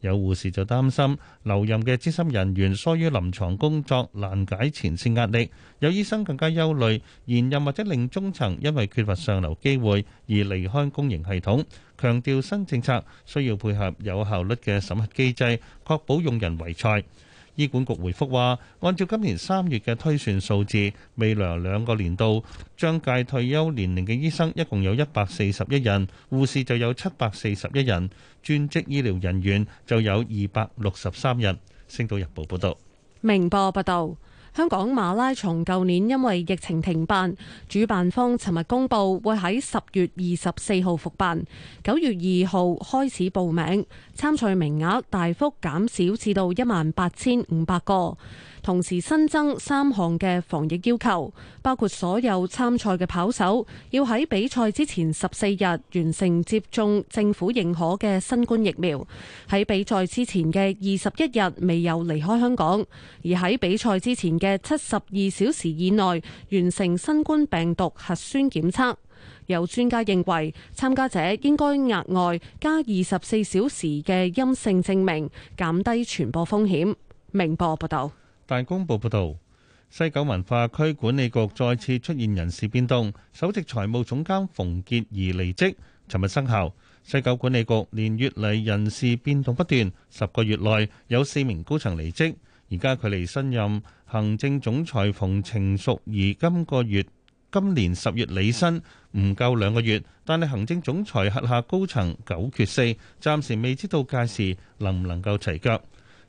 有護士就擔心留任嘅資深人員疏於臨床工作，難解前線壓力。有醫生更加憂慮，現任或者令中層因為缺乏上流機會而離開公營系統。強調新政策需要配合有效率嘅審核機制，確保用人為才。醫管局回覆話，按照今年三月嘅推算數字，未來兩個年度將屆退休年齡嘅醫生一共有一百四十一人，護士就有七百四十一人，專職醫療人員就有二百六十三人。星島日報報道，明報報道。香港馬拉松舊年因為疫情停辦，主辦方尋日公布會喺十月二十四號復辦，九月二號開始報名，參賽名額大幅減少至到一萬八千五百個。同時新增三項嘅防疫要求，包括所有參賽嘅跑手要喺比賽之前十四日完成接種政府認可嘅新冠疫苗，喺比賽之前嘅二十一日未有離開香港，而喺比賽之前嘅七十二小時以內完成新冠病毒核酸檢測。有專家認為，參加者應該額外加二十四小時嘅陰性證明，減低傳播風險。明波報道。大公報報導，西九文化區管理局再次出現人事變動，首席財務總監馮傑而離職，尋日生效。西九管理局連月嚟人事變動不斷，十個月內有四名高層離職。而家距離新任行政總裁馮程淑儀今個月今年十月履新，唔夠兩個月，但係行政總裁轄下高層九缺四，暫時未知道屆時能唔能夠齊腳。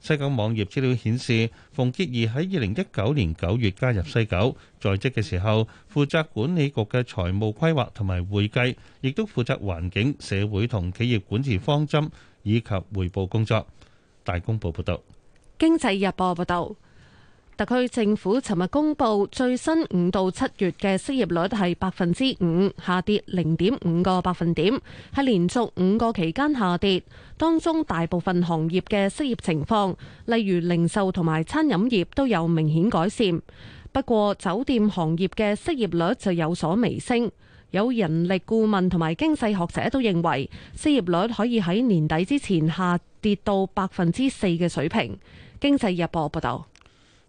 西九網頁資料顯示，馮潔儀喺二零一九年九月加入西九，在職嘅時候負責管理局嘅財務規劃同埋會計，亦都負責環境、社會同企業管治方針以及匯報工作。大公報報道。經濟日報報道。特區政府尋日公布最新五到七月嘅失業率係百分之五，下跌零點五個百分點，係連續五個期間下跌。當中大部分行業嘅失業情況，例如零售同埋餐飲業都有明顯改善。不過酒店行業嘅失業率就有所微升。有人力顧問同埋經濟學者都認為，失業率可以喺年底之前下跌到百分之四嘅水平。經濟日報報道。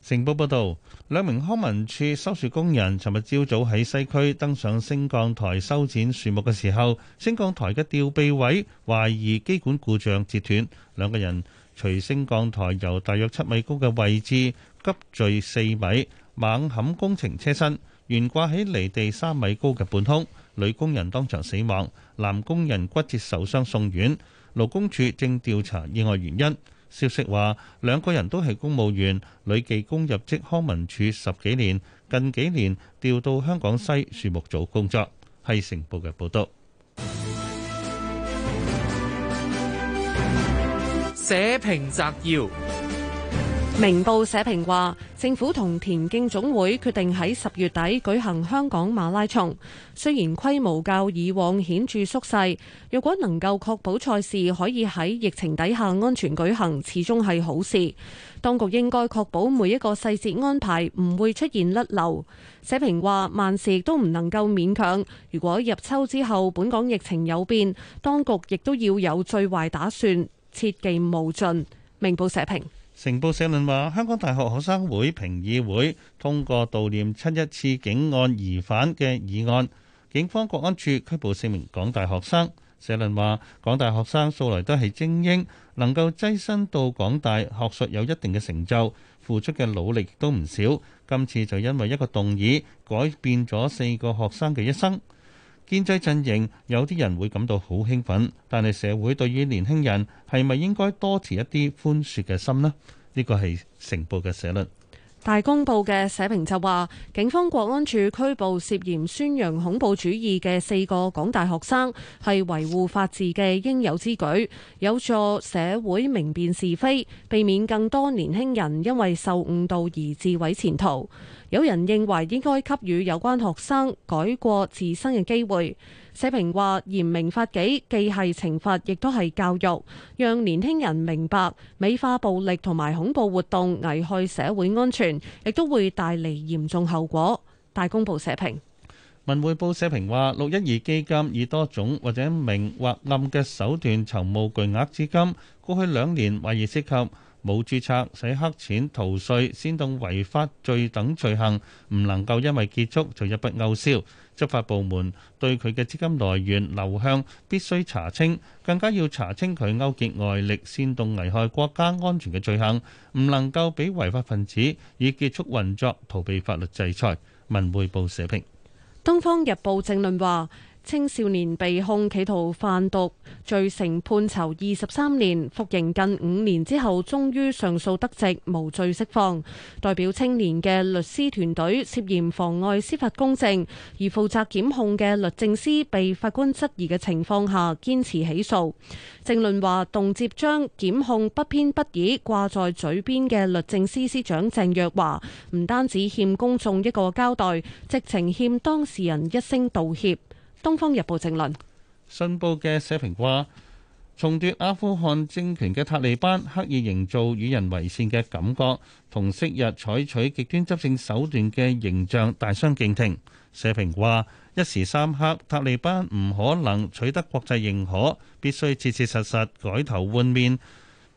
成報報導，兩名康文署收樹工人尋日朝早喺西區登上升降台修剪樹木嘅時候，升降台嘅吊臂位懷疑機管故障截斷，兩個人隨升降台由大約七米高嘅位置急墜四米，猛冚工程車身，懸掛喺離地三米高嘅半空，女工人當場死亡，男工人骨折受傷送院，勞工處正調查意外原因。消息話，兩個人都係公務員，女技工入職康文署十幾年，近幾年調到香港西樹木組工作。係城報嘅報道。社評摘要。明報社評話，政府同田徑總會決定喺十月底舉行香港馬拉松。雖然規模較以往顯著縮細，若果能夠確保賽事可以喺疫情底下安全舉行，始終係好事。當局應該確保每一個細節安排唔會出現甩漏。社評話，萬事都唔能夠勉強。如果入秋之後本港疫情有變，當局亦都要有最壞打算，切忌冒進。明報社評。成報社論話：香港大學學生會評議會通過悼念七一刺警案疑犯嘅議案，警方國安處拘捕四名港大學生。社論話：港大學生素來都係精英，能夠躋身到港大學術有一定嘅成就，付出嘅努力都唔少。今次就因為一個動議，改變咗四個學生嘅一生。建制陣營有啲人會感到好興奮，但係社會對於年輕人係咪應該多持一啲寬恕嘅心呢？呢、呢個係成報嘅社論。大公報嘅社評就話，警方國安處拘捕涉嫌宣揚恐怖主義嘅四個港大學生，係維護法治嘅應有之舉，有助社會明辨是非，避免更多年輕人因為受誤導而自毀前途。有人認為應該給予有關學生改過自新嘅機會。社評話嚴明法紀，既係懲罰，亦都係教育，讓年輕人明白美化暴力同埋恐怖活動危害社會安全，亦都會帶嚟嚴重後果。大公報社評，文匯報社評話六一二基金以多種或者明或暗嘅手段籌募巨額資金，過去兩年懷疑涉及。冇註冊洗黑錢逃稅、煽動違法罪等罪行，唔能夠因為結束就一筆勾銷。執法部門對佢嘅資金來源流向必須查清，更加要查清佢勾結外力煽動危害國家安全嘅罪行，唔能夠俾違法分子以結束運作逃避法律制裁。文匯報社評，《東方日報政論》政論話。青少年被控企圖販毒，罪成判囚二十三年，服刑近五年之後，終於上訴得直，無罪釋放。代表青年嘅律師團隊涉嫌妨礙司法公正，而負責檢控嘅律政司被法官質疑嘅情況下，堅持起訴。政論話，動輒將檢控不偏不倚掛在嘴邊嘅律政司司長鄭若驊，唔單止欠公眾一個交代，直情欠當事人一聲道歉。《東方日報正論》評論，信報嘅社評話，重奪阿富汗政權嘅塔利班刻意營造與人為善嘅感覺，同昔日採取極端執政手段嘅形象大相徑庭。社評話，一時三刻，塔利班唔可能取得國際認可，必須切切實實改頭換面，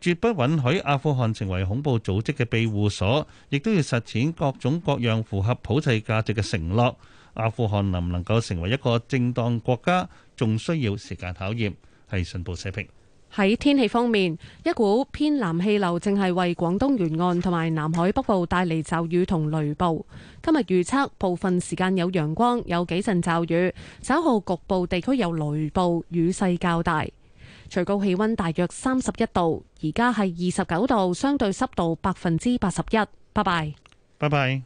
絕不允許阿富汗成為恐怖組織嘅庇護所，亦都要實踐各種各樣符合普世價值嘅承諾。阿富汗能唔能夠成為一個正當國家，仲需要時間考驗。係信報社評。喺天氣方面，一股偏南氣流正係為廣東沿岸同埋南海北部帶嚟驟雨同雷暴。今日預測部分時間有陽光，有幾陣驟雨，稍後局部地區有雷暴，雨勢較大。最高氣溫大約三十一度，而家係二十九度，相對濕度百分之八十一。拜拜。拜拜。